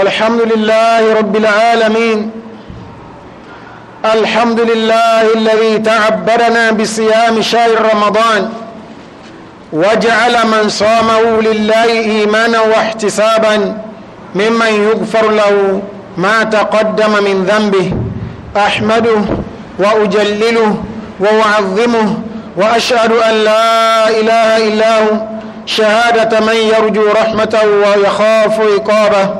الحمد لله رب العالمين الحمد لله الذي تعبرنا بصيام شهر رمضان وجعل من صامه لله إيمانا واحتسابا ممن يغفر له ما تقدم من ذنبه أحمده وأجلله وأعظمه وأشهد أن لا إله إلا هو شهادة من يرجو رحمته ويخاف عقابه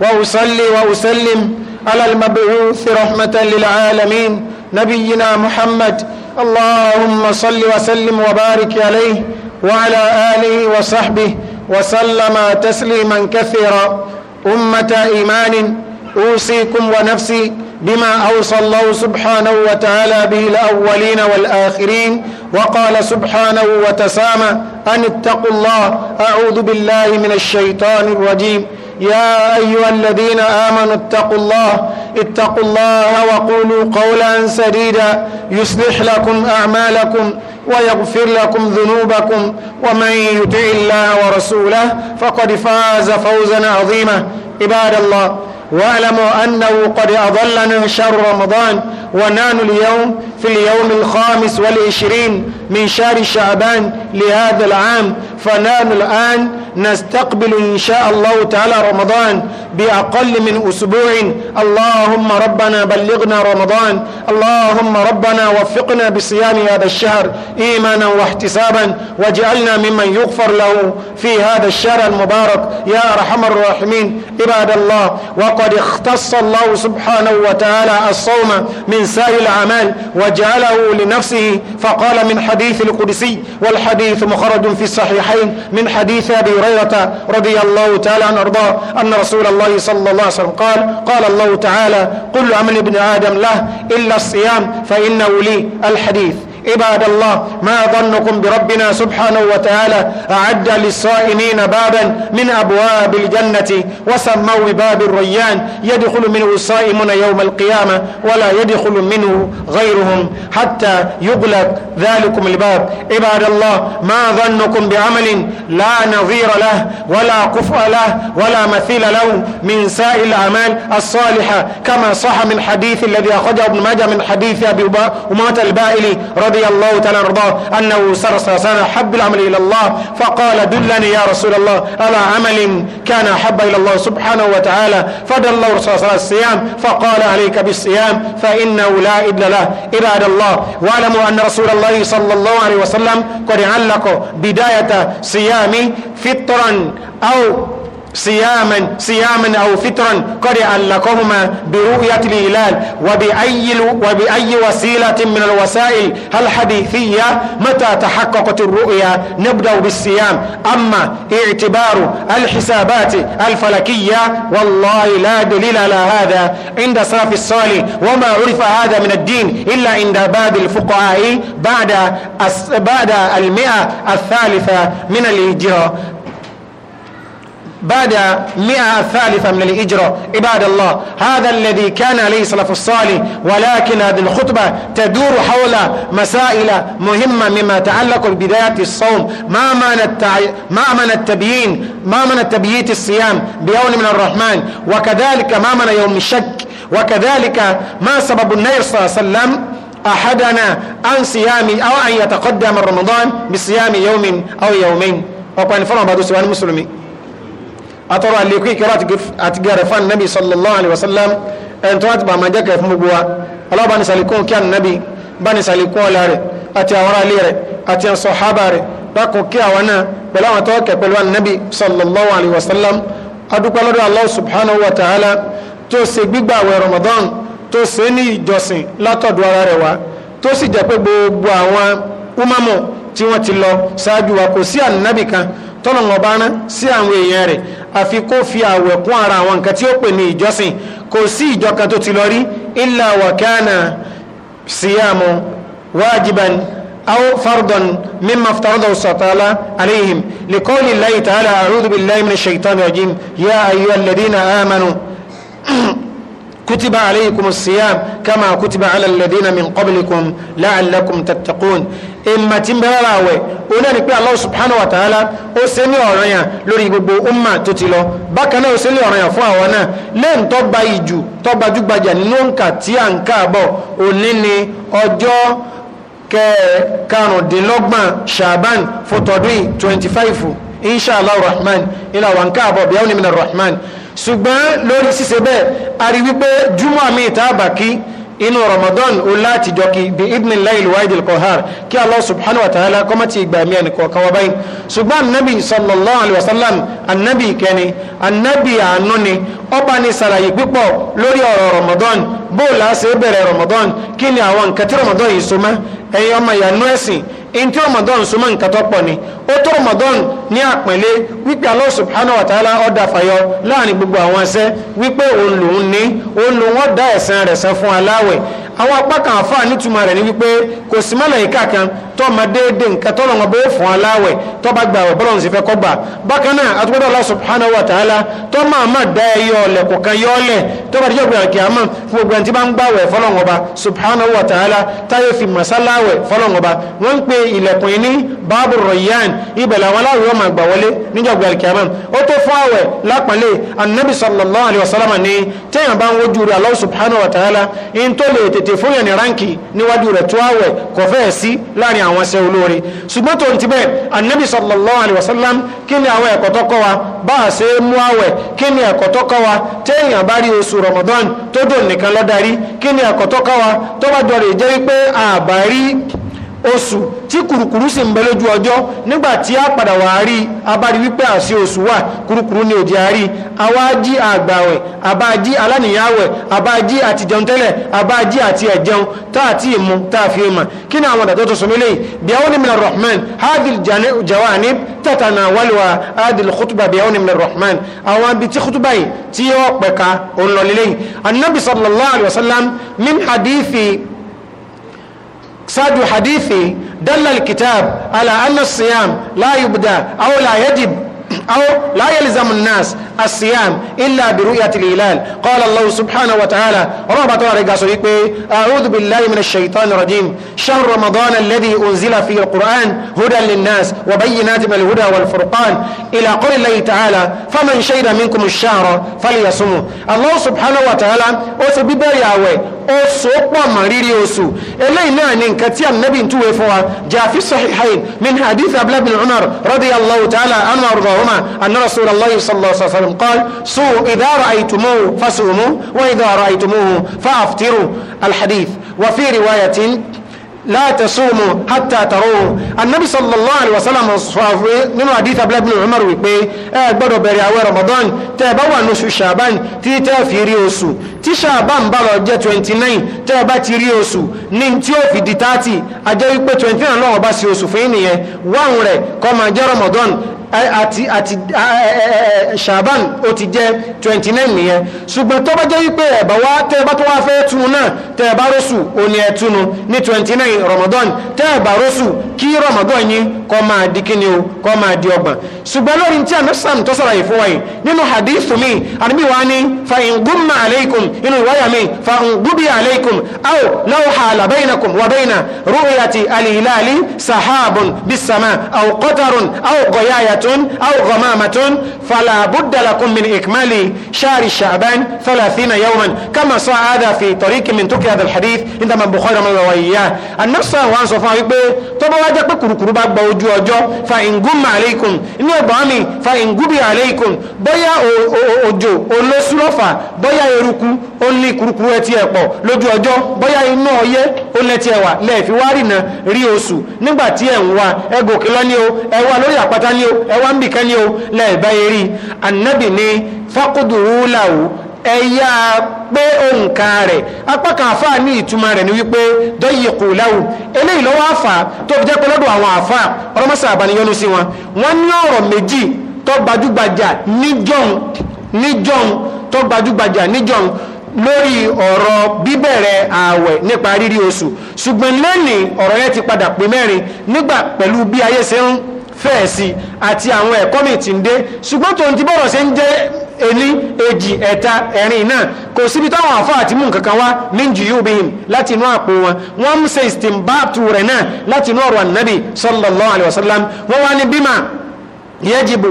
وأصلي وأسلم على المبعوث رحمة للعالمين نبينا محمد اللهم صل وسلم وبارك عليه وعلى آله وصحبه وسلم تسليما كثيرا أمة إيمان أوصيكم ونفسي بما أوصى الله سبحانه وتعالى به الأولين والآخرين وقال سبحانه وتسامى أن اتقوا الله أعوذ بالله من الشيطان الرجيم يا أيها الذين آمنوا اتقوا الله اتقوا الله وقولوا قولا سديدا يصلح لكم أعمالكم ويغفر لكم ذنوبكم ومن يطع الله ورسوله فقد فاز فوزا عظيما عباد الله واعلموا أنه قد أضلنا شهر رمضان ونحن اليوم في اليوم الخامس والعشرين من شهر شعبان لهذا العام فنحن الآن نستقبل إن شاء الله تعالى رمضان بأقل من أسبوع اللهم ربنا بلغنا رمضان اللهم ربنا وفقنا بصيام هذا الشهر إيمانا واحتسابا واجعلنا ممن يغفر له في هذا الشهر المبارك يا أرحم الراحمين عباد الله وقد اختص الله سبحانه وتعالى الصوم من سائر الأعمال وجعله لنفسه فقال من حديث الحديث القدسي والحديث مخرج في الصحيحين من حديث أبي هريرة رضي الله تعالى عن أرضاه أن رسول الله صلى الله عليه وسلم قال قال الله تعالى قل عمل ابن آدم له إلا الصيام فإنه لي الحديث عباد الله ما ظنكم بربنا سبحانه وتعالى أعد للصائمين بابا من أبواب الجنة وسموا باب الريان يدخل منه الصائمون يوم القيامة ولا يدخل منه غيرهم حتى يغلق ذلكم الباب عباد الله ما ظنكم بعمل لا نظير له ولا كفء له ولا مثيل له من سائر الأعمال الصالحة كما صح من حديث الذي أخرجه ابن ماجه من حديث أبي أمات البائلي رضي رضي الله تعالى رضاه أنه صلى الله حب العمل إلى الله فقال دلني يا رسول الله على عمل كان أحب إلى الله سبحانه وتعالى فدل الله رسول الله الصيام فقال عليك بالصيام فإنه لا إدل له عباد الله واعلموا أن رسول الله صلى الله عليه وسلم قد علق بداية صيام فطرا أو صياما صياما او فطرا قد علقهما برؤيه الهلال وباي وباي وسيله من الوسائل الحديثيه متى تحققت الرؤيا نبدا بالصيام اما اعتبار الحسابات الفلكيه والله لا دليل على هذا عند صرف الصالح وما عرف هذا من الدين الا عند باب الفقهاء بعد بعد المئه الثالثه من الهجره بعد مئة ثالثة من الإجرة عباد الله هذا الذي كان عليه السلف الصالح ولكن هذه الخطبة تدور حول مسائل مهمة مما تعلق ببداية الصوم ما معنى التع... ما معنى التبيين ما معنى تبييت الصيام بيوم من الرحمن وكذلك ما معنى يوم الشك وكذلك ما سبب النبي صلى الله عليه وسلم أحدنا عن صيام أو أن يتقدم رمضان بصيام يوم أو يومين وقال فرما بعد سؤال المسلمين atọ́rọ àlékún ìkẹ́rọ àti gẹ̀rẹ̀ fún ànábì sallallahu alayhi wa sallam ẹni tó láti bàmà jẹ́kẹ̀ fún gbogbo wa ọlọ́ba ní sàlékún kí ànábì bá ní sàlékún ọlá rẹ̀ àti àwọn ará ilé àti àwọn sọ̀hábà rẹ̀ dákun kí àwọn náà pẹ̀lú àwọn tó kẹ̀ pẹ̀lú ànábì sallallahu alayhi wa sallam adúpẹ́ subhanahu wa ta'ala tó ṣe gbígbà àwẹ̀ Ramadan tó ṣe ní ìjọsìn látọ̀dọ̀ ara rẹ̀ wá tó sì jẹ́ pé gbogbo àwọn umamu tí wọ́n ti lọ ṣáájú wa kò sí ànábì kan tọ́lọ̀ ọ̀bá rán sí àwọn èèyàn rẹ̀ àfi kó fi àwẹ̀ kún ara àwọn nǹkan tí ó pè ní ìjọsìn kò sí ìjọ kan tó ti lọ rí illa wa kana siyamu wajiban aw fardan mimma aftaradahu sọ̀tàlá alayhim liqawli llahi ta'ala a'udhu billahi minash shaitani rajim ya ayyuhalladhina amanu كتب عليكم الصيام كما كتب على الذين من قبلكم لعلكم تتقون إما تنبراوي أنا نقول الله سبحانه وتعالى أسني أرنيا لوري ببو أمة تتلو بكنا أسني أرنيا فوانا لن تبا يجو تبا جبا جنونك تيانكا بو أنني أجو karùndínlọ́gbọ̀n shaban fún tọdún 25 inshallah rahman ilà wà ń káàbọ̀ bí i àwọn rahman ṣùgbọ́n lórí ṣíṣe bẹ́ẹ̀ a rí wípé júmọ́ mi ìtaàbà kí inú ramadan ó láti jọ kí bí ibn lail waidil kohar kí allah subhanahu wa ta'ala kọ́mọ́ ti ìgbà mi ẹnì kọ̀ọ̀kan wa báyìí ṣùgbọ́n anabi sallallahu alayhi wa sallam anabi ìkẹni anabi àánú ni ọba ni sàlàyé pípọ̀ lórí ọ̀rọ̀ ramadan bóòlù àṣẹ bẹ̀rẹ̀ ramadan kí ni àwọn nǹkan tí ramadan yìí so mọ́ ẹ̀yin ọmọ ìyànú ẹ̀sìn ntí ramadan súnmọ́ nǹkan tó pọ̀ ni ó tó ramadan ní àpẹ̀lẹ́ wípé Allah subhanahu wa ta'ala ọ̀dà fàyọ láàrin gbogbo àwọn ẹsẹ̀ wípé òun lòun ní òun lòun ọ̀dà ẹ̀sán rẹ̀ sẹ́ fún aláwẹ̀ àwọn apá kan àfáà nítumọ̀ rẹ̀ ni wípé kò sí màláíkà kan tó ma déédé nǹkan tó lọ́wọ́ bó fún aláwẹ̀ tó bá gbà ọ̀bọ̀lọ́ sí fẹ́ kọ́ bákan náà àtúgbọ́dọ̀ Allah subhanahu wa ta'ala tó máa má dá ẹyọ ọ̀lẹ̀ kò kan yọ ọ̀lẹ̀ tó bá dijọ́ gbìyànjú àmọ́ fún gbogbo ẹni tí bá ń gbàwẹ̀ fọlọ́wọ́ ba subhanahu wa ta'ala táyé fi màsáláwẹ̀ fọlọ́wọ́ ba wọ́n ń pe ilẹ̀kùn ní báàbù rọ̀yán ibẹ̀ làwọn aláwọ̀ yóò máa gbà wọlé níjọ́ gbìyànjú àmọ́ ó tó fún àwẹ̀ lápàlẹ̀ anabi sallallahu alayhi wa sallam ni téèyàn bá ń wojú rẹ̀ Allah subhanahu wa ta'ala in tó lè tètè tètè fún yẹn ní ránkì níwájú rẹ̀ tó àwẹ̀ kò fẹ́ sí láàrin àwọn ṣe olóore ṣùgbọ́n tó ń ti bẹ́ẹ̀ anabi sallallahu alayhi wa sallam kí ni àwọn ẹ̀kọ́ tó kọ́ wa bá a ṣe mú àwẹ̀ kí ni ẹ̀kọ́ tó wa téèyàn bá oṣù ramadan tó dùn nìkan lọ́darí kí ni ẹ̀kọ́ tó wa tó bá dọ̀rọ̀ ìjẹ́ wípé àbárí oṣù tí kùrùkùrù sì ń bẹ lójú ọjọ́ nígbàtí a padà wà á rí abárí wípé àṣì oṣù wà kùrùkùrù ni òdì àárí awájí àgbàwẹ̀ abájí alánìyáwẹ̀ abájí àti jẹun tẹ́lẹ̀ abájí àti ẹ̀jẹun tá àti ìmú tá a fi mọ̀ kí ni àwọn àdàtọ́ tó sọ mílẹ̀ bí àwọn onímọ̀ rahman hadil jawanib tatana wàlúwa hadil khutuba bí àwọn onímọ̀ rahman ساد حديثي دل الكتاب على أن الصيام لا يبدأ أو لا يجب أو لا يلزم الناس الصيام إلا برؤية الهلال قال الله سبحانه وتعالى ربط ورقا أعوذ بالله من الشيطان الرجيم شهر رمضان الذي أنزل فيه القرآن هدى للناس وبينات من الهدى والفرقان إلى قول الله تعالى فمن شير منكم الشهر فليصمه الله سبحانه وتعالى أسبب رعوه oṣù pọ̀ mọ̀ rírí oṣù eléyìí náà ni nǹkan tí ànábì ń túwe fún wa jàfi sahihain min hadith abdullahi bin umar radiyallahu ta'ala anhu arḍahuma anna rasulullah sallallahu alaihi wasallam qala su idha ra'aytumuhu fasumu wa idha ra'aytumuhu fa'aftiru alhadith wa fi riwayatin la tasumu hatta taruhu annabi sallallahu alaihi wasallam sahabe nínú hadith abla ibn umar wí pé ẹ gbọ́dọ̀ bẹ̀rẹ̀ àwẹ̀ ramadan tẹ́ bá wà no shaban tí tẹ́ fi rí oṣù tí shaban bá lọ jẹ́ 29 tẹ́ bá ti rí oṣù ní tí ó fi di 30 a jẹ́ wí pé 29 ló bá sí oṣù fún nìyẹn wa nre kó má jẹ́ ramadan àti àti ó ti jẹ́ 29 nìyẹn ṣùgbọ́n tó bá jẹ́ wí pé ẹ bá wá tẹ́ bá tó wá fẹ́ tún náà tẹ́ bá róṣù ó ní ní 29 láàrin Ramadan tẹ́ẹ̀bà rọ́sù kí Ramadan yín kọ́ máa di kíni o kọ́ máa di ọgbọ̀n ṣùgbọ́n lórí tí anẹ́sàm tó sọ̀rọ̀ yìí fún wa yìí nínú hadith mi àdúgbò wa ni fa ingumma aleikum inú ìwáyà mi fa ngubi aleikum aw lawha alabainakum wa baina ru'yati alihilali sahabun bisama aw qatarun aw goyayatun aw ghamamatun fala budda lakum min ikmali shari sha'ban 30 yawman kama sa'ada fi tariqi min tukki hadha alhadith عند من بخير من وإياه anọ́sàn wa ń sọ fún wa wípé tó bá wá jẹ́ pé kùrùkùrù bá gba ojú ọjọ́ fa ingum aleikum inú ẹ̀bọ̀ mi fa ingubi aleikum bóyá òjò olóṣùlọ́fà bóyá eruku ó ní kùrùkùrù ẹtì ẹ̀ pọ̀ lójú ọjọ́ bóyá iná ọyẹ́ ó lẹ́tì ẹ̀ wà lẹ́ẹ̀fi wá rìnà rí oṣù nígbà ẹ̀ ń wa ẹ gòkè lọ ní o ẹ wà lórí àpáta ní o ẹ wà ń bìkan ní o lẹ́ẹ̀ bá yẹ rí anabi ní ẹ̀yà pé òǹkà rẹ̀ apákan àfáà ní ìtumọ̀ rẹ̀ ní wípé dọ́yì kò láwù eléyìí lọ́wọ́ àfà tó fi jẹ́ pé lọ́dọ̀ àwọn àfáà ọlọ́mọsà àbániyọ́nú sí wọn wọ́n ní ọ̀rọ̀ méjì tó gbajúgbajà níjọ́un níjọ́un tó gbajúgbajà níjọ́un lórí ọ̀rọ̀ bíbẹ̀rẹ̀ ààwẹ̀ nípa rírí oṣù ṣùgbọ́n lónìí ọ̀rọ̀ yẹn ti padà pé mẹ́rin nígbà pẹ̀lú bí ayé ṣe ń fẹ̀ẹ́ sí àti àwọn ẹ̀kọ́ mi ti ń dé ṣùgbọ́n tòun ti bọ̀rọ̀ ṣe ń jẹ́ ení èjì ẹ̀ta ẹ̀rin náà kò síbi táwọn àfá àti mú nǹkan kan wá ní jùyúbihim láti inú àpò wọn wọ́n ń ṣe ìstìmbàtù rẹ̀ náà láti inú ọ̀rọ̀ ànábì sallallahu alaihi wasallam wá ní bímà yajibu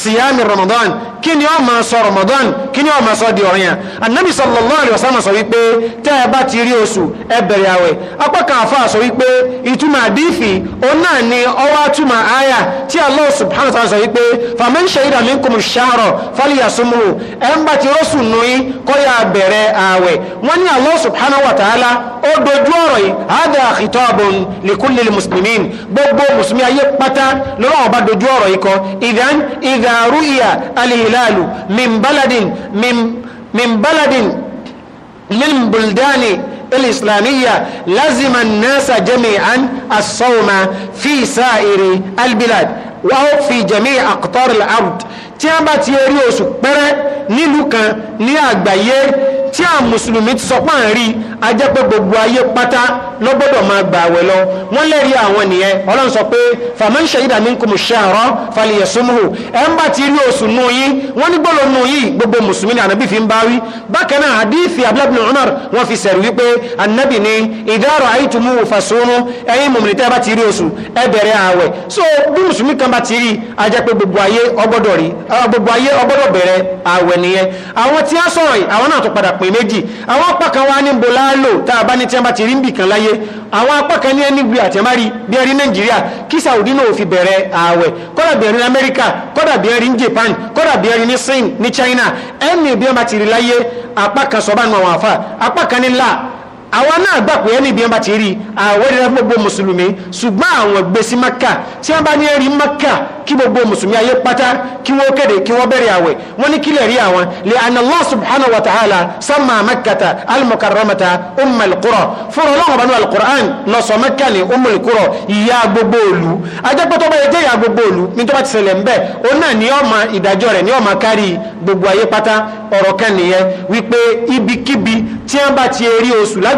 siyami ramadan kí ni ó máa sọ Ramadan kí ni ó máa sọ di ọ̀rìn yàn anabi sallallahu alayhi wa sallam sọ wípé tẹ́ ẹ bá ti rí oṣù ẹ bẹ̀rẹ̀ àwẹ̀ apá kan àfa sọ wípé ìtumọ̀ àdífì òun náà ni ọwọ́ àtúmọ̀ àyà tí Allah subhanahu wa ta'ala sọ wípé faman shahida minkum ash-shahra falyasumhu ẹ ń bá ti rọ́ṣù nù yín kọ́ yà bẹ̀rẹ̀ àwẹ̀ wọ́n ní Allah subhanahu wa ta'ala ó dojú ọ̀rọ̀ yìí hada khitabun likulli muslimin gbogbo mùsùlùmí ayé pátá lọ́wọ́ ọba dojú ọ̀rọ̀ yìí kọ ìdán ìdàrú ìyà alìhìl الهلال من بلد من من بلد من بلدان الإسلامية لزم الناس جميعا الصوم في سائر البلاد وهو في جميع أقطار العبد tí a bá ti rí oṣù pẹ́rẹ́ nílùú kan ní àgbáyé tí a mùsùlùmí ti sọpá ń rí ajẹ́ pé gbogbo ayé pátá lọ́gbọ́dọ̀ máa gbà àwẹ̀ lọ wọ́n lẹ́rìí àwọn nìyẹn ọlọ́run sọ pé faman shahida minkum shahra falyasumhu ẹ̀ ń bá ti rí oṣù nù yín wọ́n ní gbọ́dọ̀ nù yín gbogbo mùsùlùmí ni ànábì fi ń bá wí bákan náà hadithi abdullah bin umar fi sẹ̀rù wípé ànábì ni idha ra'aytumuhu fasumu so bí mùsùlùmí kan bá ti rí àwọn gbogbo ayé ọgbọ́dọ̀ bẹ̀rẹ̀ àwẹ̀ nìyẹn àwọn tí a sọ̀rọ̀ àwọn náà tó padà pín méjì àwọn apá kan wá ní bọ́lá lò tá a bá ní tí a bá ti rí níbì kan láyé àwọn apá kan ní ẹni gbé àtẹ̀márì bí ẹrí nàìjíríà kí saudi náà fi bẹ̀rẹ̀ àwẹ̀ kọ́dà bí ẹrí ní amẹ́ríkà kọ́dà bí ẹrí ní japan kọ́dà bí ẹrí ní sin ní china ẹni bí wọ́n bá ti rí láyé apá kan sọ bá nu àwọn àfà apá kan ní là àwa náà gbà pé ẹni ìbí wọn bá ti rí àwọn ìrìnà fún gbogbo mùsùlùmí ṣùgbọ́n àwọn gbé sí maka tí wọ́n bá ní rí maka kí gbogbo mùsùlùmí ayé pátá kí wọ́n kéde kí wọ́n bẹ̀rẹ̀ àwẹ̀ wọ́n ní kílẹ̀ rí àwọn lè àná Allah subhanahu wa ta'ala sama makata al-mukarramata ummul qura fúnra ọlọ́run ọba ní al-Qur'an lọ́sọ̀ maka ní ummul qura ìyá gbogbo òlu ajẹ́pẹ́tọ́ bá yẹ jẹ́ ìyá gbogbo òlu ní tó bá ti ṣẹlẹ̀ ńbẹ́ òun náà ní ọmọ ìdájọ́ rẹ̀ ní ọmọ kárí gbogbo ayé pátá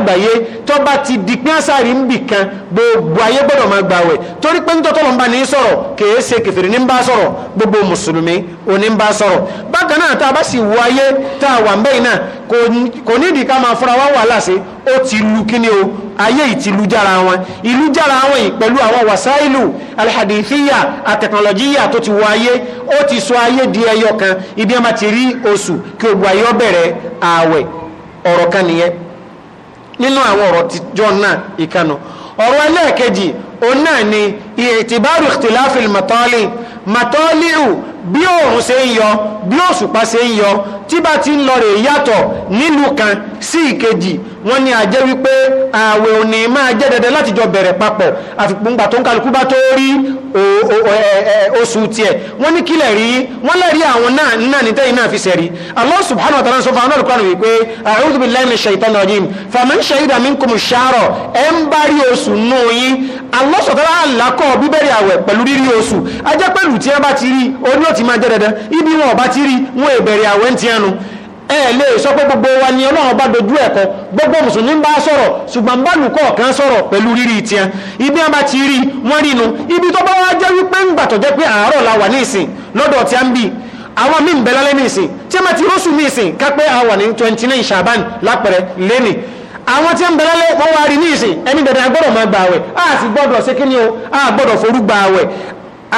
àgbáyé tó bá ti di pín àsàrí ń bì kan gbogbo ayé gbọ́dọ̀ máa gbà wẹ̀ torí pé nítorí tọ́lọ́ ń bá ní sọ̀rọ̀ kìí ṣe kẹfìrì ní ń bá sọ̀rọ̀ gbogbo mùsùlùmí ò ní ń bá sọ̀rọ̀ bákan náà tá a bá sì wo ayé tá a wà ń bẹ́yìn náà kò ní ìdí máa fúnra wá wàhálà sí ó ti lu kíní o ayé yìí ti lu jára wọn ìlú jára wọn yìí pẹ̀lú àwọn wàsáìlù alhadithiya àtẹkànlọ́jíyà tó ti wọ ayé ó ti sọ ayé di ẹyọ kan ibi a máa ti rí oṣù kí ogun ayé ọ ààwẹ̀ ọ̀rọ̀ kan nìyẹn nínú àwọn ọ̀rọ̀ tíjọ́ náà ìkànnà ọ̀rọ̀ ẹlẹ́ẹ̀kejì òun náà ni ìyẹ̀tìbárù ìtìláfìl mọ̀tọ́lì mọ̀tọ́lìhù bí òòrùn ṣe ń yọ bí òṣùpá ṣe ń yọ tí bá ti ń lọ rè yàtọ̀ nílùú kan sí ìkejì wọ́n ní àjẹ́ wípé ààwẹ̀ òní máa jẹ́ dandan láti jọ bẹ̀rẹ̀ papọ̀ àfipúngbà tó ń kálukú bá tó rí oṣù tiẹ̀ wọ́n ní kílẹ̀ rí wọ́n lẹ́rí àwọn náà náà ní tẹ́yìn fi sẹ̀rí Allah subhanahu wa ta'ala sọ fún anọ́lùkọ́ àwọn wípé a'udhu billahi minash shaitanir rajim faman shahida minkumu shahra ẹ̀ ń bá rí oṣù nù yín Allah subhanahu wa ta'ala alákọ̀ bíbẹ̀rẹ̀ àwẹ̀ pẹ̀lú rírí oṣù ajẹ́ pẹ̀lú tí bá ti rí oní ti máa jẹ́ dandan ibi wọn ọba ti rí wọn ìbẹ̀rẹ̀ àwẹ̀ ń ti ẹnu ẹ lè sọ pé gbogbo wa ni ọlọ́run bá dojú ẹ̀kọ́ gbogbo mùsùlùmí bá sọ̀rọ̀ ṣùgbọ́n báàlù kọ̀ọ̀kan sọ̀rọ̀ pẹ̀lú rírí tiẹ̀ ibi wọn bá ti rí wọn rí ibi tó bá wá jẹ́ wípé ń gbàtọ̀ jẹ́ pé àárọ̀ la wà ní ìsìn lọ́dọ̀ tí a ń bì àwọn míì ń bẹ lálẹ́ ní ìsìn tí a máa ti rọ́ṣù ní ìsìn kápẹ́ a wà ní twenty nine Shaban lápẹ̀rẹ̀ lẹ́nìí àwọn tí ń bẹ̀rẹ̀ lé wọ́n wá rí ní ìsìn ẹni dẹ̀dẹ̀ agbọ́dọ̀ máa gbà àwẹ̀ a sì gbọ́dọ̀ ṣe kí ni o a gbọ́dọ̀ forú gbà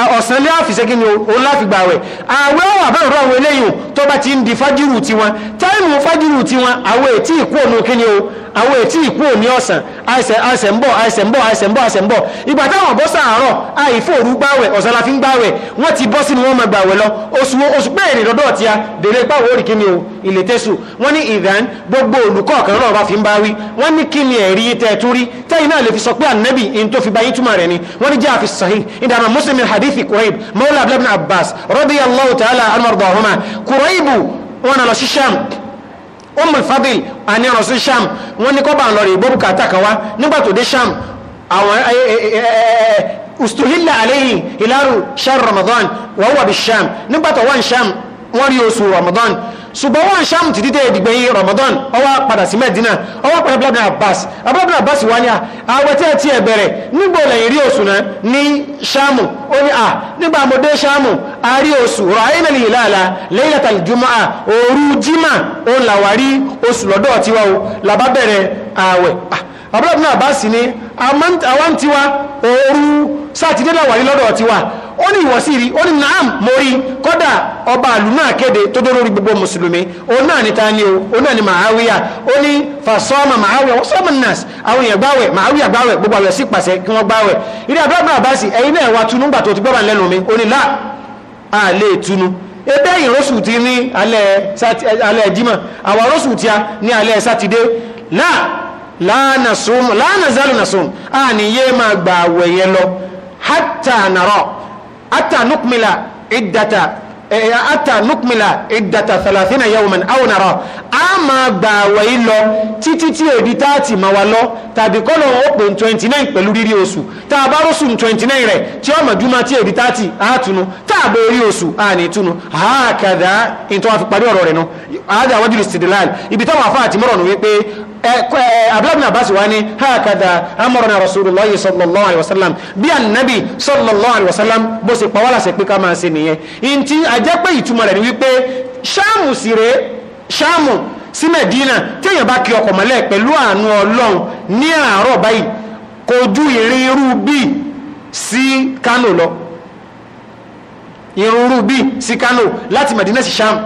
ọ̀sán lé àfìsẹ́ kí ni òun láfi gbà wẹ̀ àwẹ́ ọ̀wọ̀ àbẹ̀rọ̀ àwọn eléyìn tó bá ti ń di fájírù ti wọn táìmù fájírù ti wọn àwọn ètí ìkú òun kí ni o àwọn ètí ìkú òun ní ọ̀sán àìsẹ̀ ń bọ̀ àìsẹ̀ ń bọ̀ àìsẹ̀ ń bọ̀ àìsẹ̀ ń bọ̀ ìgbà táwọn bọ́ sàárọ̀ àìfòrú gbàwẹ̀ ọ̀sán la fi ń gbàwẹ̀ wọ́n ti bọ́ sínú wọn máa gbàwẹ̀ lọ oṣù oṣù pé èrè lọ́dọ̀ tí a dèrè pàwọ́ òrì kíni o ilé tẹ́sù wọ́n ní ìdán gbogbo olùkọ́ kan náà bá fi ń bá wí wọ́n ní kíni ẹ̀rí tẹ́ẹ̀tú rí tẹ́yìn náà lè fi sọ pé ànẹ́bì in tó fi báyìí túmọ̀ rẹ̀ ni wọ́n ní jẹ́ àfi sahih ìdáná muslim hadith hadithi Kurayb maula abdullahi ibn Abbas radiyallahu ta'ala anhu ardahuma Kurayb wọn lọ sí Sham Ummul Fadl àní ọ̀rọ̀ sí Sham wọn ní kọ́ba àlọ́rẹ̀ ìgbọ́bù kàtà kan wá nígbà tó dé Sham àwọn ustuhilla alayhi hilaru shahr Ramadan wa huwa bi Sham nígbà tó wà Sham wọ́n rí oṣù Ramadan ṣùgbọ́n wọ́n ṣáàmù ti dídé ìdìgbẹ̀yìn Ramadan ọwọ́ padà sí Medina ọwọ́ padà blabla Abbas abúlé Abbas wà ní àwọn tí ẹ ti ẹ bẹ̀rẹ̀ nígbò lẹ́yìn rí oṣù náà ní ṣáàmù ó ní à nígbà mo dé ṣáàmù a rí oṣù rọ ayélujára ah, ní ìlàlá laylatal jumu'a òru jimá ó làwárí oṣù àwọn tiwa ooru sátidé náà wà ní lọ́dọ̀ tiwa ó ní ìwọ̀sí rí ó ní naam mórí kọ́dà ọba àlù náà kéde tó dó lórí gbogbo mùsùlùmí ó náà ní tani o ó náà ní màáwíyà ó ní fasọ́mà màáwíyà ó sọ́mà nàás àwọn èèyàn gbáwẹ̀ màáwíyà gbáwẹ̀ gbogbo àwẹ̀ sí pàṣẹ kí wọ́n gbáwẹ̀ ilé abúlé àbáṣì ẹ̀yin náà wà tunu gbà tó ti gbọ́ra lẹ́nu mi ó ní là á lè tunu ebe ẹ̀yìn rọ́ṣù ti ní alẹ́ jímọ̀ àwọn rọ́ṣù ti ní alẹ́ sátidé náà láàánà súnmù láàánà zálù nà súnmù a ní yé máa gbà àwẹ̀ yẹn lọ hátà nàrọ̀ hátà nukmila ìdàtà e, e, hátà nukmila ìdàtà thalathina yawman aw nàrọ̀ a máa gbà àwẹ̀ yìí lọ títí tí èdè táàtì máa wà lọ tàbí kọ́ lọ́wọ́ ó pè twenty nine pẹ̀lú rírí oṣù tá a bá rọ́ṣù twenty nine rẹ̀ tí ọmọ juma tí èdè táàtì á tunu tá a bọ̀ orí oṣù á ní tunu hákàdá ìtọ́ àfi ọ̀rọ̀ rẹ̀ nu àádà wájú lè ṣèdè táwọn afáàtì mọ́rọ̀ nù wípé Eh, abdullahi abbas wa ni hakada amọ̀rọ̀nà rasulullahi sallallahu alaihi wasallam bí annabi sallallahu alaihi wasallam bó ṣe pàwọ́lá ṣe pé ká máa ṣe nìyẹn in ti àjẹ́pẹ́ ìtumọ̀ rẹ̀ ni wípé ṣáàmù sí rẹ̀ ṣáàmù sí mẹ̀dínà téèyàn bá kí ọkọ̀ mọ́lẹ̀ pẹ̀lú àánú ọlọ́run ní àárọ̀ báyìí kò ju ìrìn irú bí sí kánò lọ ìrìn irú bí sí kánò láti mẹ̀dínà sí ṣáàmù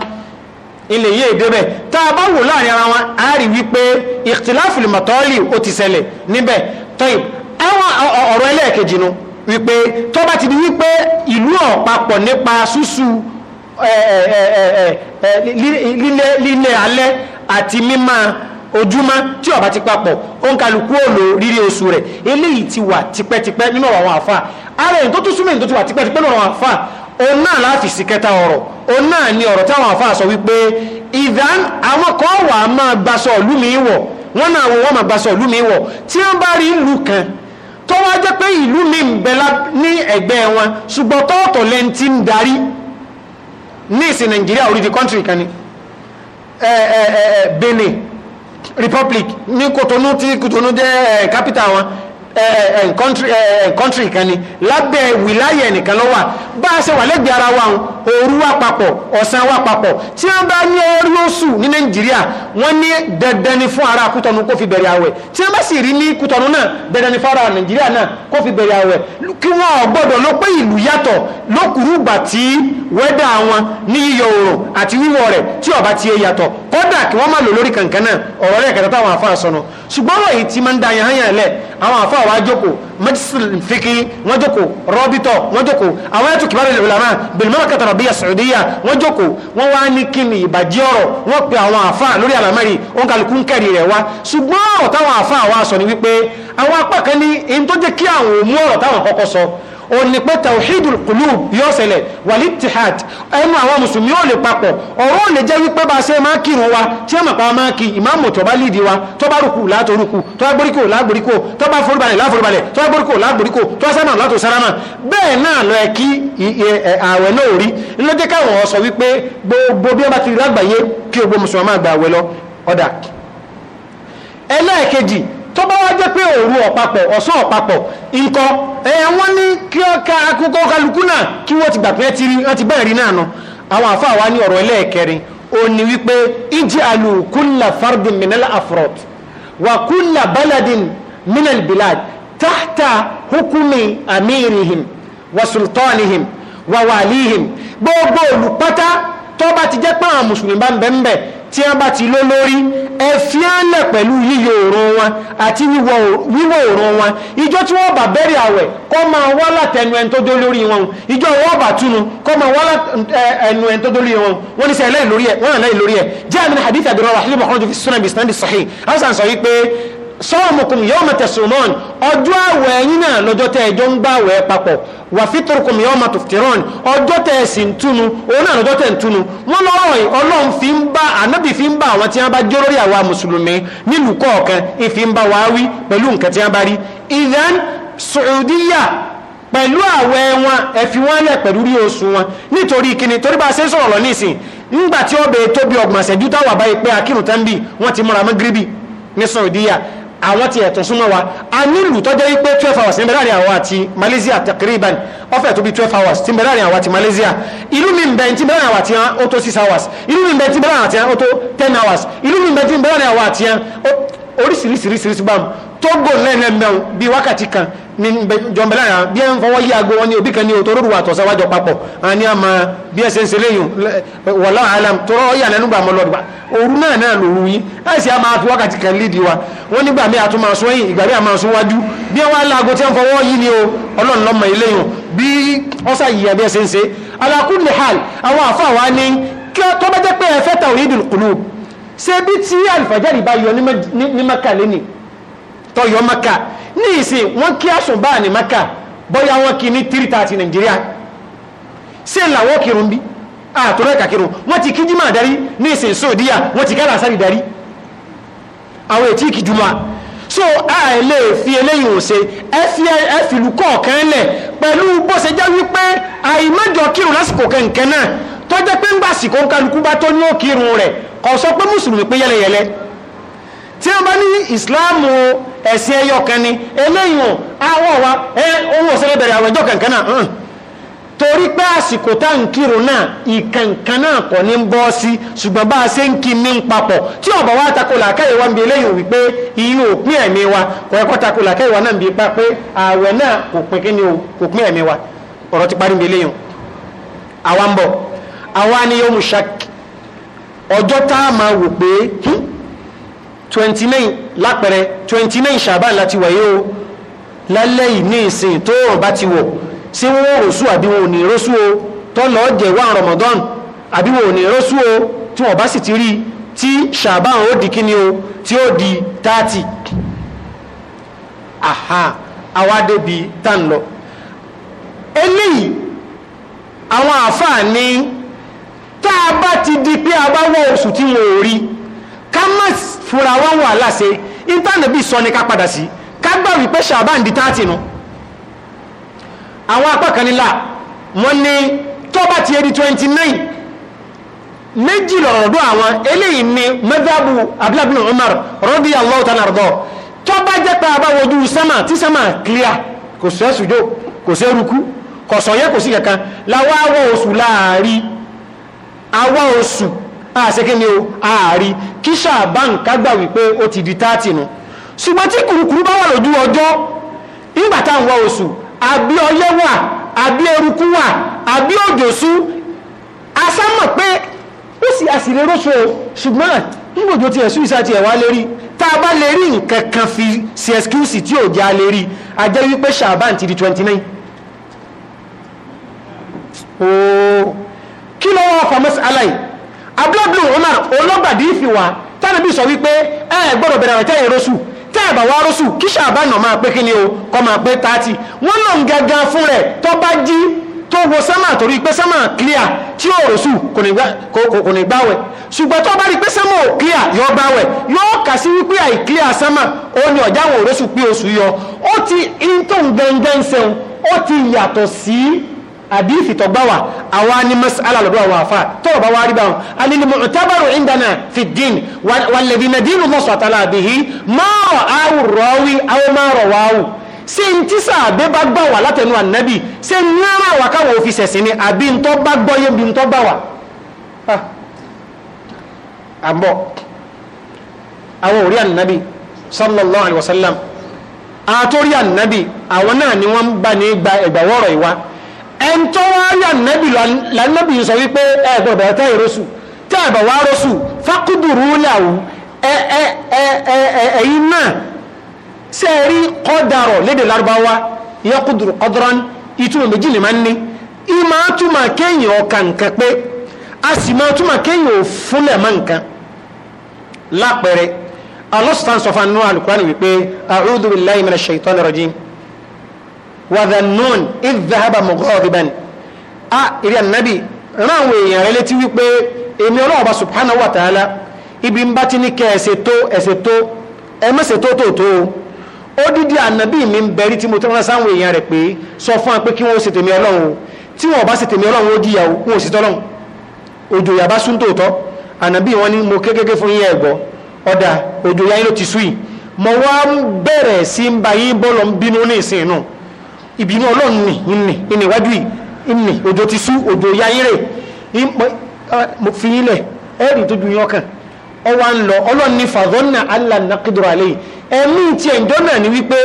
ilẹ̀ yìí débẹ̀ tá a bá wò láàrin ara wọn a rí wípé ìtìláfìlì mọ̀tọ́lì ó ti ṣẹlẹ̀ níbẹ̀ tọ́yì àwọn ọ̀rọ̀ ẹlẹ́ẹ̀kejì nu wípé tó bá ti di wípé ìlú ọ̀pápọ̀ nípa ṣúṣù lílé alẹ́ àti mímá ojúmọ́ tí ọba ti papọ̀ ó ń kálukú òòlò rírí oṣù rẹ̀ eléyìí ti wà tipẹ́tipẹ́ nínú ọ̀rọ̀ àwọn àfà ara èyí tó tún súnmọ́ èyí tó ti wà tipẹ́tipẹ́ nínú ọ̀rọ̀ àwọn àfà òun náà láti sí kẹta ọ̀rọ̀ òun ni ọ̀rọ̀ táwọn àfáà sọ wípé ìdán àwọn kan wà á máa gbaṣọ ìlú mi wọ̀ wọ́n náà wọ́n wọ́n máa gbaṣọ ìlú mi wọ̀ tí wọ́n bá rí ìlú kan tó wá jẹ́ pé ìlú mi ń bẹ ní ẹ̀gbẹ́ wọn ṣùgbọ́n tọ́ọ̀tọ̀ lẹ́ni tí ń darí ní ìsìn nàìjíríà orí di kọ́ńtìrì kan ni Benin Republic ní Kotonu tí Kotonu jẹ́ capital wọn kọ́ńtìrì kan ni lábẹ́ wìláyẹ̀ nìkan ló bá a ṣe wà lẹ́gbẹ̀ẹ́ ara wa òru wà papọ̀ ọ̀sán wà papọ̀ tí wọ́n bá ní orí oṣù ní nàìjíríà wọ́n ní dandan ni fún ara kútọ̀nù kó fi bẹ̀rẹ̀ àwẹ̀ tí wọ́n bá sì rí ní kútọ̀nù náà dandan ni fún ara nàìjíríà náà kó fi bẹ̀rẹ̀ àwẹ̀ kí wọ́n gbọ́dọ̀ ló pé ìlú yàtọ̀ lókùrúgbà tí wẹ́dà wọn ní yíyọ oòrùn àti wíwọ̀ rẹ̀ tí ọba ti yàtọ̀ kódà kí wọ́n má lò lórí kankan náà ọ̀rọ̀ rẹ̀ kẹta táwọn àfáà sọnù ṣùgbọ́n wọ̀nyí ti máa ń da yàn án yàn lẹ̀ àwọn àfáà wá jókòó majlisul fiqi wọ́n jókòó rọ́bítọ̀ wọ́n jókòó àwọn ẹ̀tù kìbárì ulama bilimọ́kà tàràbíyà sàúdíyà wọ́n jókòó wọ́n wá ní kí ni ìbàjẹ́ ọ̀rọ̀ wọ́n pe àwọn àfà lórí àlámẹ́rì wọ́n kálukú ń kẹ́rì rẹ̀ wá ṣùgbọ́n ọ̀rọ̀ táwọn àfà wa sọ ni wípé àwọn apá kan ní in tó jẹ́ kí àwọn òmú ọ̀rọ̀ táwọn kọ́kọ́ sọ ó ní pé tawhidul qulub yóò ṣẹlẹ̀ wàlí tihad ẹnu àwọn mùsùlùmí ò lè papọ̀ ọ̀rọ̀ ò lè jẹ́ wípé bá ṣe máa kírun wa tí ẹ̀ mọ̀pá máa kí ìmáàmù tó bá lídìí wa tó bá rúkú látòrúkú tó bá gboríkò lágboríkò tó bá foríbalẹ̀ láforíbalẹ̀ tó bá gboríkò lágboríkò tó bá sálámà látò sálámà bẹ́ẹ̀ náà lọ ẹ kí ààwẹ̀ náà rí ńlọ́jẹ́ káwọn sọ wípé gbogbo bí wọ́n bá ti rí lágbàáyé kí gbogbo mùsùlùmí máa gbà ààwẹ̀ lọ ọ̀dà ẹlẹ́ẹ̀kejì tó bá wá jẹ́ pé òru ọ̀pápọ̀ ọ̀sán ọ̀pápọ̀ nǹkan ẹ̀yà wọ́n ní kí ó ká akókò kálukú náà kí wọ́n ti gbà pé wọ́n ti bẹ́ẹ̀ rí náà nà àwọn àfáà wá ní ọ̀rọ̀ ẹlẹ́ẹ̀kẹrin ó ní wípé ìjì àlù kúlà fardin minal afrod wà kúlà baladin minal bilad tahta hukumi amirihim wa sultanihim wa walihim gbogbo olùpátá tó bá ti jẹ́ pé àwọn mùsùlùmí bá ń bẹ́ẹ̀ tí a bá ti ló lórí ẹ̀fí ẹ̀lẹ̀ pẹ̀lú yíyọ òrùn wọn àti wíwọ̀ òrùn wọn ìjọ tí wọ́n bá bẹ̀rẹ̀ àwẹ̀ kọ́ máa wá látẹnu ẹni tó dó lórí wọn ìjọ wọ́n bá túnu kọ́ máa wá látẹnu ẹni tó dó lórí wọn wọ́n ní sẹ́yìn lẹ́yìn lórí ẹ̀ wọ́n lẹ́yìn lórí ẹ̀ jẹ́ àmì hadith abdulrahman wahid muhammadu fi sunan bisnadi sahih hasan sọ wípé sọ́ọ̀mùkùn yawma tasumon ọjọ́ àwẹ̀ yín náà lọ́jọ́ tẹ́ ẹjọ́ ń gbàwẹ̀ papọ̀ wà fítòrùkùn mi ọmọ tòfìtìrán ọjọ́ tẹ̀ sí túnu òun náà lọ́jọ́ tẹ̀ ń túnu wọn lọ́rọ̀ ọlọ́run fi ń bá ànábì fi ń bá àwọn tí wọ́n bá jẹ́ lórí àwa mùsùlùmí nílùú kọ̀ọ̀kan ìfi ń bá wa wí pẹ̀lú nǹkan tí wọ́n bá rí ìdán sùúdíyà pẹ̀lú àwẹ̀ wọn ẹ̀fí wọn lẹ̀ pẹ̀lú rí oṣù wọn nítorí kíni torí bá a ṣe sọ̀rọ̀ nísìn nígbà tí ọbẹ̀ tóbi ọgbọ̀nsẹ̀jú táwà báyìí pé akínú tán bì wọ́n ti múra mọ́ gíríbì ní sùúdíyà àwọn ti ẹ̀tún súnmọ́ wa a nílùú tọ́jọ́ wípé twelve hours ní bẹ̀rẹ̀ àwọn àti Malaysia takriban ọ̀fẹ́ tó bí twelve hours ti bẹ̀rẹ̀ àwọn àti Malaysia ìlú mi ń bẹ ti bẹ̀rẹ̀ àwọn àti ó tó six hours ìlú mi ń bẹ ti bẹ̀rẹ̀ àwọn àti ó tó ten hours ìlú mi ń bẹ ti bẹ̀rẹ̀ àwọn àti oríṣiríṣiríṣiríṣi báwọn Togo lẹ́nẹ̀mẹ́un bíi wákàtí kan ní jọmbẹ̀lá yà bí ẹn fọwọ́ yí agbó wọn ní òbí kan ní òtò rúrùwà àtọ̀sá papọ̀ a ní a máa bí ẹsẹ̀ ṣe léyìn wọ̀lá alam tọrọ ọ̀yà lẹ́nugbà mọ́lọ́dùbà òru náà náà lòru yín láìsí a máa fi wákàtí kan lídi wa wọ́n nígbà mí àtúmọ̀ àsún ẹ̀yìn ìgbà mí àmọ̀ àsún wájú bí ẹ wá láago tí ẹ fọwọ́ yí ni o ọlọ́run lọ́mọ eléyìn bí ọ́sà yìí àbí ẹsẹ̀ ń hal àwọn wa ní kí tó bá jẹ́ pé ẹ fẹ́ tawhidul qulub ṣe bí tí àlùfájàrí bá yọ ní mẹ́kàlẹ́ tọyọ maka ní ìsìn wọ́n kí àsùn bá ní maka bọ́yá wọ́n kí ní 330 Nàìjíríà ṣe làwọ́ kírun bí àtúrọ̀ ìkàkírun wọ́n ti kí jímà darí ní ìsìn sóòdíyà wọ́n ti kára sáré darí àwọn ètí ìkìjúmọ́ so a lè fi eléyìí ò ṣe ẹ fi ìlú kọ̀ọ̀kan lẹ̀ pẹ̀lú bó ṣe jẹ́ wípé àìmọ́jọ kírun lásìkò kẹ̀kẹ́ náà tó jẹ́ pé ń gbà sìkò ń bá tó ní òkírun rẹ̀ kò sọ pé mùsùlùmí pé yẹlẹyẹlẹ tí wọ́n bá ní ìsìláàmù ẹ̀sìn ẹyọ kan ni eléyìn àwọ̀ wa ohun ọ̀sẹ̀rẹ̀ bẹ̀rẹ̀ àwọn ẹjọ́ kankan náà torí pé àsìkò tá ń kírun náà ìkankan náà ní ń bọ́ sí ṣùgbọ́n bá a ṣe wa ń eléyìn wípé iye òpin wa náà ń o kò pin ẹ̀mí wa ọ̀rọ̀ ti parí ń bi eléyìn àwa ń bọ̀ àwa ni yóò mú ṣak ọjọ́ tá a máa wò pé lápẹrẹ twenty nine ṣàbá láti wáyé o lálẹ́ yìí ní ìsìn tó rọ̀ bá ti wọ̀ sí wọn ò rọ̀sù àbí wọn ò ní rọ̀sù o tọ́lọ̀ jẹ́ wà Ramadan àbí ní rọ̀sù o tí wọn bá sì ti rí tí ṣàbá ó di kíni o tí ó di thirty aha àwa débi tá n lọ eléyìí àwọn àáfàá ní tá a bá ti di pé a bá wọ oṣù tí wọn rí ká má fura wọn wà láṣẹ intanẹ̀bí sọ ni ká padà sí ká gbà wípé ṣàbáǹdì táàtì nu àwọn apá kan wọ́n ní tó bá ti eri twenty nine méjì lọ́rọ̀dọ́ àwọn eléyìí ni madhabu abdullahi umar radiyallahu ta'ala anhu tó bá jẹ́ pé abá wojú sẹ́mà tí sẹ́mà clear kò sẹ́ sùjó kò sẹ́ rukú kò sọ̀yẹ́ kò sí kankan làwọn awọ oṣù láàárí awọ oṣù àṣekí ah, ni o ààrí ah, kí ṣàbá nǹkan gbà wípé ó ti di táàtì nu ṣùgbọ́n tí kùrùkùrù bá wà lójú ọjọ́ nígbà táwọn wọ oṣù àbí ọyẹ́ wà àbí eruku wà àbí òjòsú asámọ̀ pé ó sì àsìlè róṣo ṣùgbọ́n nígbòjò ti ẹ̀sùn ìsá ti ẹ̀wà lérí tá a bá lè rí nǹkan kan fi sí ẹ̀skúsì tí ò já lè rí a jẹ́ wípé ṣàbán ti di 29 ooo kí ló wá fa mọ́sálà abúlọ́bùn Umar olóògbàdì ìfìwà tánàbí sọ wípé ẹ gbọ́dọ̀ bẹ̀rẹ̀ rẹ̀ tẹ́yìn rọ́sù tẹ́ẹ̀bà wá rọ́sù kí ṣàbánà máa pé kí ni o kọ́ máa pé tààtì wọ́n lọ ń gangan fún rẹ̀ tó bá jí tó wo sánmà torí pé sánmà clear tí ó rọ́sù kò ní gbáwẹ̀ ṣùgbọ́n tó bá rí pé sánmà ò clear yọ gbáwẹ̀ yóò kà sí wípé àì clear sánmà ó ní ọ̀jáwọ̀n rọ́sù pé oṣù yọ ó ti in tó ń gangan sẹ́wọ̀n ó ti yàtọ̀ sí si, àdífì tọgbáwà àwọn ní mas'ala lọ́dọ̀ àwọn àfà tọ́rọ bá wárí báwọn alìlìmọ̀ ìtàbàrù ìndànà fi dín wàlẹ̀bí na dínú mọ́sọ̀ àtàlàbìhí máa àwù rọ́wí àwọn máa rọ̀ wáwù ṣe ń tí sàbẹ́ bá gbà wà látẹnu ànábì ṣe ń rárá wà káwọ̀ òfin ṣẹ̀sìn ni àbí ń tọ́ bá gbọ́yé bí ẹn tó wá rí ànábì lànàbì sọ wípé ẹ gbọ́dọ̀ ẹ tẹ ìrọsù tẹ ẹ bá wá rọsù fákúdùrú làwù ẹ ẹ ẹ ẹ ẹyin náà ṣe é rí kọdàrọ lédè lárúbáwá ìyẹn kúdùrú ọdọrán ìtumọ̀ méjì lè máa ń ní ìmọ̀ àtúmọ̀ kéèyàn ọkà nǹkan pé a sì máa túmọ̀ kéèyàn ò fúnlẹ̀ mọ́ nǹkan lápẹẹrẹ alọ́sítàn sọfà nínú àlùkùránì wàdànún ìdáhàbà mọ̀gọ́ọ̀dìbẹ̀n a ìrìn ànábì rán àwọn èèyàn rẹ létí wípé èmi ọlọ́wọ́ bá subhanahu wa ta'ala ibi ń bá ti ní kẹ tó ẹsẹ̀ tó ẹmẹ́sẹ̀ tó tó tó ó dídí ànábì mi ń bẹ̀rí tí mo sáwọn èèyàn sọ fún wa pé wọn ò tọ́lọ́run òjò sún tòótọ́ ànábì wọn ni mo kékeré fún yín ẹ̀gbọ́ ọ̀dà òjò ló ti ìbínú ọlọ́run nì nì nì wájú yìí nì òjò ti sú òjò ya eré mo fi yín lẹ̀ ẹ̀rù tó ju yín ọkàn ọwọ́ ń lọ ọlọ́run ní fàdọ́nà alànàkìdọ̀rọ̀ àlẹ́ yìí ẹ̀mí tí ẹ̀jọ́ náà ni wípé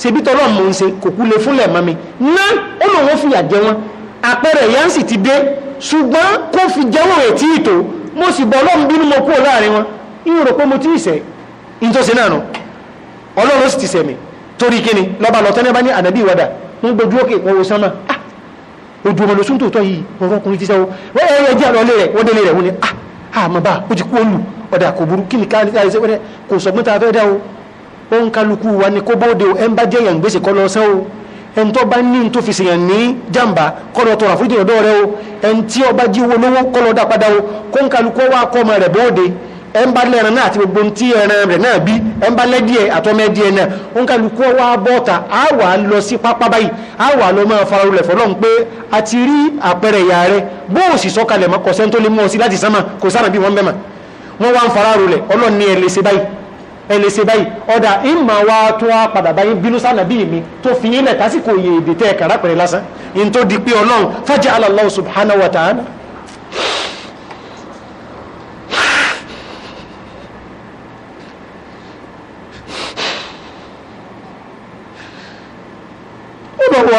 ṣebí tọ́lọ́ mò ń ṣe kò kú lè fúnlẹ̀ mọ́ mi ná ó lòun ó fìyà jẹ wọn àpẹẹrẹ yẹn sì ti dé ṣùgbọ́n kó fi jẹ́wọ́ ètí ìtò mo sì bọ́ ọlọ́run bínú mo kúrò láàrin wọn ìrò pé mo ti ìṣẹ́ ìtòsí náà nù ọlọ́run sì ti ṣẹ̀mí torí kíni lọ́ba lọ́tọ́ ní abá ní wọ́n gbójú òkè wọ́n wo sánmà ah! ojú ọmọ lọ́sùn tòótọ́ yìí ọ̀rọ̀ ọkùnrin ti sẹ́wọ́ wọ́n yẹ ẹjẹ́ àlọ́ lé rẹ̀ wọ́n délé rẹ̀ wọ́n ni ah! ah, àmọ́ bá ó ti kú olù ọ̀dà kò burú kí ni ká ká ṣe wẹ́rẹ́ kò wa ni kó bóde o ẹ̀ ń bá jẹ́ yàn gbèsè kọ́ lọ sẹ́ o ẹni tó bá ní tó fi sèyàn ní jàǹbá kọ́ lọ wa kọ́ ọmọ rẹ̀ ẹnbalẹ̀ ẹran náà àti gbogbo tí ẹran rẹ̀ náà bí ẹnbalẹ̀ díẹ̀ àtọ́mẹ́ díẹ̀ náà ń kálukú wá bọ́ọ̀ta á wà lọ sí pápá báyìí á wà lọ máa fara rẹ̀ fọlọ́n pé a ti rí àpẹẹrẹ ìyá rẹ bóò sì sọ́kalẹ̀ mọ́ kọ̀sẹ́ tó lè mú ọ sí láti sánmà kò sára bí wọ́n bẹ́ẹ̀ mà wọ́n wá ń fara rẹ̀ ọlọ́run ní ẹlẹ́sẹ̀ báyìí ẹlẹ́sẹ̀ báyìí ọ̀dà ìmọ̀ wa tó wá padà báyìí bínú sànàbí mi tó fi yín lẹ̀ tásìkò yèèdè tẹ́ ẹ̀ kàrà pẹ̀lẹ́ lásán ìyẹn tó di pé ọlọ́run fájà Allah subhanahu wa ta'ala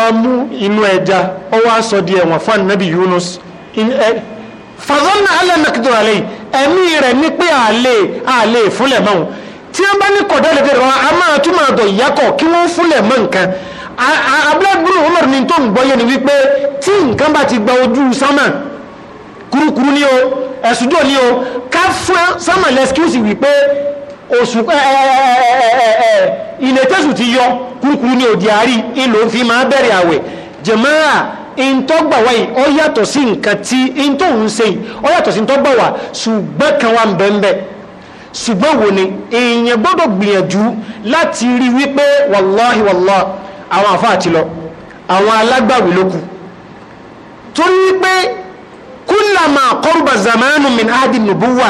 wá mú inú ẹja ó wá sọ di ẹ̀wọ̀n fún ànábì Yunus eh, fàzọ́nà alẹ́nàkìdọ̀rọ̀ àlẹ́ ẹ̀mí rẹ̀ ní pé àlè àlè fúnlẹ̀ mọ́ tí wọ́n bá ní kọ̀dọ̀ lè fẹ́ràn a máa túmọ̀ àdọ̀ ìyákọ̀ kí wọ́n fúnlẹ̀ mọ́ nǹkan abúlẹ́gbùnú Umar ní tó ń gbọ́yé ni wípé tí nǹkan bá ti gba ojú sámà kúrúkúrú ní o ẹ̀sùjọ́ ní o ká fún sámà lẹ́skíùsì wípé oṣù ilẹ̀ tẹ́sù ti yọ kúrukúrú ní òdì àárí ìlò fi máa bẹ̀rẹ̀ àwẹ̀ jẹ̀máà ìntọ́gbàwá yìí ó yàtọ̀ sí nǹkan tí ìntòhún ṣe yìí ó yàtọ̀ sí ìntọ́gbàwá ṣùgbọ́n kan wà ń bẹ́ńbẹ́ ṣùgbọ́n wò ni èèyàn gbọ́dọ̀ gbìyànjú láti rí wípé wàláhi wàlá àwọn àfa àti lọ àwọn alágbàwí ló torí wípé kúlàmà kọrùbà zamanu min adi nubuwa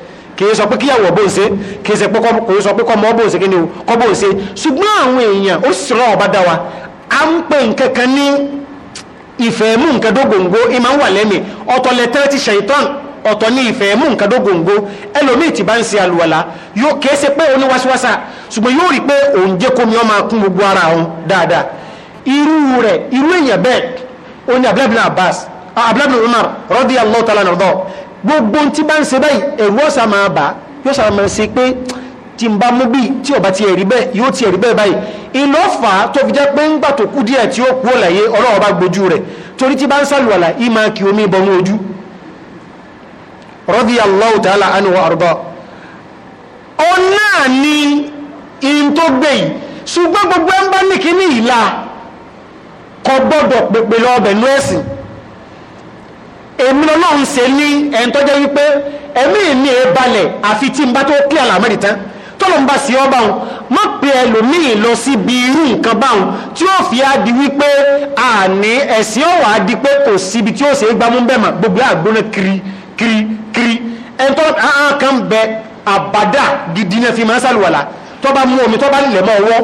kìí sọ pé kíyàwó bó ń ṣe kìí sọ pé kò sọ pé kọmọ bó ń ṣe kíni o kọ bó ń ṣe ṣùgbọ́n àwọn èèyàn ó sì rán ọba dá wa à ń pè nǹkan kan ní ìfẹ́ mú nǹkan dógóńgó ìmọ̀ ń wà lẹ́mì ọ̀tọ̀ lẹ́tẹ́ ti ṣàìtàn ọ̀tọ̀ ní ìfẹ́ nǹkan dógóńgó ẹlòmíì ti bá ń ṣe àlùwàlà yóò kìí ṣe pé oníwáṣíwáṣà ṣùgbọ́n yóò rí pé òun jẹ́ kómi ọmọ akún gbogbo ara òun dáadáa irú rẹ̀ irú èèyàn bẹ́ẹ̀ ó abdulhamid abbas abdulhamid umar radiyallahu ta'ala anhu gbogbo tí bá ń ṣe báyìí ẹ̀rù ọ̀sà máa bà yóò sàrà máa ṣe pé tí n bá mú bí tí ọba ti ẹ̀rí bẹ́ẹ̀ yóò ti ẹ̀rí bẹ́ẹ̀ báyìí ìlọ́fà tó fi jẹ́ pé ń gbà tó kú díẹ̀ tí ó kú ọ̀làyé ọlọ́wọ́ bá gbojú rẹ̀ torí tí bá ń sàlùwàlà ì máa kí omi bọnú ojú radiyallahu ta'ala anhu wa arda ọ náà ni in tó gbé yìí ṣùgbọ́n gbogbo ẹ̀ ń bá ní kíní ìlà kò gbọ́dọ̀ pèpè lọ ọbẹ̀ èmi ọlọ́run ṣe ní ẹ̀ńtọ́jẹ́ wípé ẹ̀mí mi è balẹ̀ àfi tí n bá tó kí àlàmọ́rì tán tọ́lọ̀ ń bá sí ọ́ báwọn má pe ẹlòmíì lọ sí ibi irú nǹkan báwọn tí ó fi á di wípé àní ẹ̀sìn ọ̀wà á di pé kò síbi tí ó ṣe é gbámú bẹ́ẹ̀ mà gbogbo àgbóná kiri kiri kiri ẹ̀ńtọ́ àhán kan bẹ àbádà gidi náà fi máa ń sàlùwàlà tó bá mú omi tó bá nílẹ̀ mọ́ ọwọ́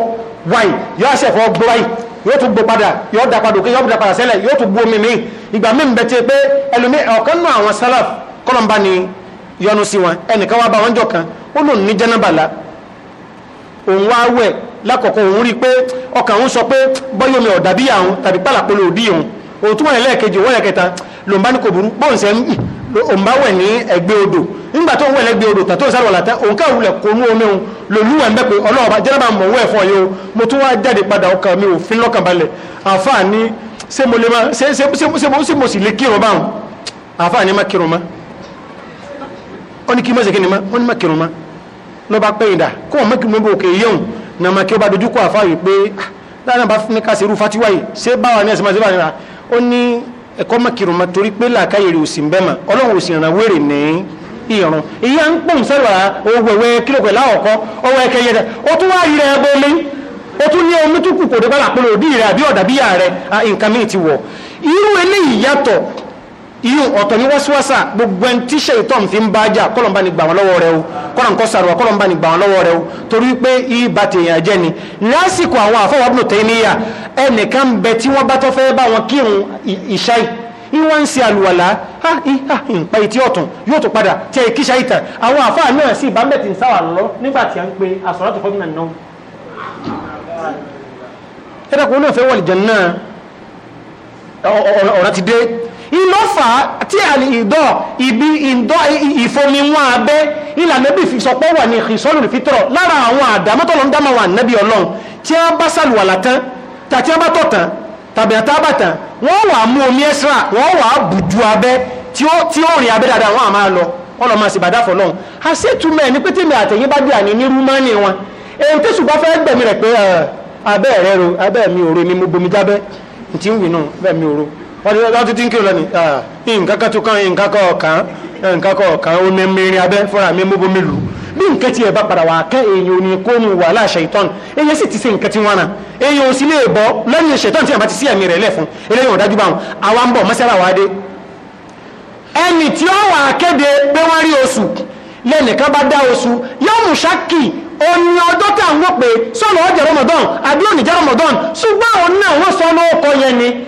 wáyì yóò ṣẹ̀fọ́ gbọ́ wáyì yóò tún gbó padà yóò da padà òkè yóò da padà sẹ́lẹ̀ yóò tún gbó omi mi ìgbà mi bẹ tẹ pé ẹlòmí ọ̀kan nù àwọn sálàf kọ́lọ́mbà ni yọnu sí wọn ẹnìkan wá bá wọn jọ kan ó lòun ní jẹ́nàbàlà òun wá wẹ̀ lákọ̀ọ́kọ́ òun rí i pé ọkàn òun sọ pé bọ́yọ̀mí ọ̀dàbíyà òun tàbí pàlàpọ̀lọ̀ òdì òun òtún wọn ẹlẹ́ẹ̀kejì òun lòun bá ní kò burú bóun sẹ́ ń òǹbá wẹ̀ ní ẹgbẹ́ odò nígbà tó ń wẹ̀ lẹ́gbẹ́ odò tàtó ìsàlọ̀ làtẹ́ òun káwùlẹ̀ kò ní omi òun lòlúwẹ̀ mẹ́ pé ọlọ́ọ̀bá jẹ́nàbà mọ̀ wẹ̀ fún ọyọ́ mo tún wá jáde padà ọkàn mi ò fín lọ́kàn balẹ̀ ṣé mo lè má ṣé ṣé mo sì lè kírun báwọn àfààní má kírun má ó ní kí má ṣe ni má ó ní má kírun má lọ́ bá pẹ́yìn dà kó wọn mẹ́kì mọ́bò òkè yẹ̀hùn nà má kí ó bá dojú kọ àfààní pé ah, láàrín àbá fún mi ká ṣe irú fatiwa yìí ṣé báwa ní ẹ̀sìn má ṣe báwa ní ẹ̀kọ́ mọ̀kìrùmọ̀ torí pé làákàyèrè òsì ń bẹ́ mà ọlọ́run òsì ràn wèrè ní ìrùn ìyá ń pòun sẹ́wà owó ẹ̀wẹ́ kílòpẹ̀ láwọ̀kọ́ ọwọ́ ẹ̀kẹ́ yẹ̀dẹ̀ ó tún wá rírẹ̀ ẹbọ mi ó tún ní omi tó kù kò dé bá làpọ̀lọ̀ òdì rẹ̀ àbí ọ̀dàbíyà rẹ̀ nǹkan míì ti wọ̀ irú eléyìí yàtọ̀ iyo ọ̀tọ̀ ni wọ́síwọ́sà gbogbo ẹni tíṣẹ́ ìtọ́n fi ń bá jà kọ́lọ̀mbà ni gbà lọ́wọ́ rẹ o kọ́lọ̀nkọ́ sàrọ̀ ni gbà wọn lọ́wọ́ rẹ o torí pé tèèyàn jẹ́ ni lásìkò àwọn àfọwọ́ Ibn Taymiyyah ẹnìkan ń bẹ tí wọ́n bá tọ́ bá wọn kírun ìṣáì ìwọ́n ń ṣe àlùwàlá ha i ha ìpa lọ ìlọ́fà tí a lè ìdọ́ ibi ìdọ́ ìfomiwọn abẹ́ ìlànà bí ìfisọpọ̀ wà ní ìsọ́nù ìfitọ́rọ̀ lára àwọn àdámọ́tọ́lọ́ ń dámọ̀ wà nẹ́bí ọlọ́run tí a bá sàlùwàlà tán tàbí a bá tọ̀ tán tàbí àtàbà tán wọ́n wà mú omi ẹ́sìrà wọ́n wà bùjú abẹ́ tí ó rìn abẹ́ dáadáa wọ́n à máa lọ wọ́n lọ máa sì bàdá fọlọ́run a sì túmẹ̀ ní pété mi àtẹ̀yìn bá dé àní ní rúmánì wọn èyí tẹ̀sù bá fẹ́ gbẹ̀mí rẹ̀ pé abẹ́ rẹ̀ ro abẹ́ mi ò ro mi mo bomi dábẹ́ ntí ń wì náà bẹ́ẹ̀ mi ò ro ọdún títí ń kí lọ ní nǹkankan tó kàn nǹkankan ọ̀kan nǹkankan ọ̀kan ó ní mìírin abẹ́ fúnra mi móbó mi lù bí nǹkan tí ẹ bá padà wà kẹ́ èyí ò ní kó nu wàhálà ṣèitán èyí sì ti ṣe nǹkan tí wọ́n na èyí ò sì lè bọ́ lẹ́yìn ṣèitán tí a ti sí ẹ̀mí rẹ̀ lẹ̀ fún eléyìí ò bá wọn àwa ń bọ̀ mọ́sára wa dé ẹni tí ó wà kéde pé wọ́n rí oṣù lẹ́nìkan bá dá oṣù yọ́mù ṣákì oní ọjọ́ tí à ń wò sọ́nà ọjà rọmọdán àbí òní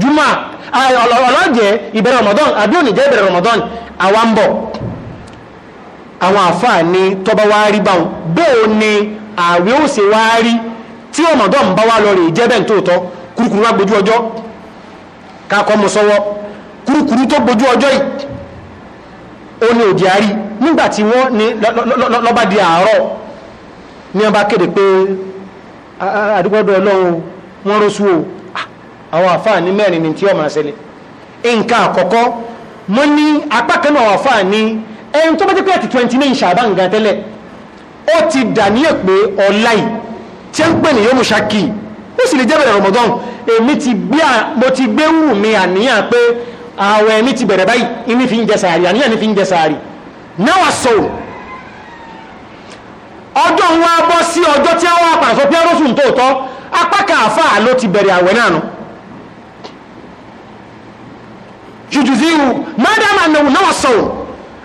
juma ọlọ́jẹ́ ìbẹ̀rẹ̀ ramadan àbí òní ìbẹ̀rẹ̀ ramadan àwa ń àwọn àfáà ni tọ́ba wá rí báwọn bóò ni àwẹ̀ ó sì wá rí tí ramadan bá wá lọ rè jẹ́ bẹ́ẹ̀ tóòtọ́ kúrukùrú wá gbójú ọjọ́ kakọ́ mu sọ́wọ́ kúrukùrú tó gbójú ọjọ́ yìí ó ní òdì àárí nígbàtí wọ́n ní lọ́ba di àárọ̀ ní ọba kéde pé àdúgbọ́dọ̀ ọlọ́run wọ́n rọ́ṣù o àwọn àfáà ní mẹ́rin ni tí ó máa ṣẹlẹ̀ nǹkan àkọ́kọ́ mo ní apá kan náà àwọn àfáà ní ẹni tó bá jẹ́ pé àti twenty nine ṣàbán gan tẹ́lẹ̀ ó ti dà ní èpè ọ̀la yìí tí ó ń pè ní yóò mú ṣákì ó sì lè jẹ́ bẹ̀rẹ̀ Ramadan èmi ti gbé mo ti gbé wù mí àníyàn pé ààwẹ̀ mi ti bẹ̀rẹ̀ báyìí ìní fi ń jẹ sàárì àníyàn ní fi ń jẹ sàárì náà wà sọ̀rọ̀ ọjọ́ ń wá bọ́ sí ọjọ́ tí wọ́n apàṣọ pé ọlọ́sùn tóòtọ́ apá kan àfáà ló ti bẹ̀rẹ̀ ààwẹ̀ náà nù. jùjùzíhù mádàmà náà náà sàn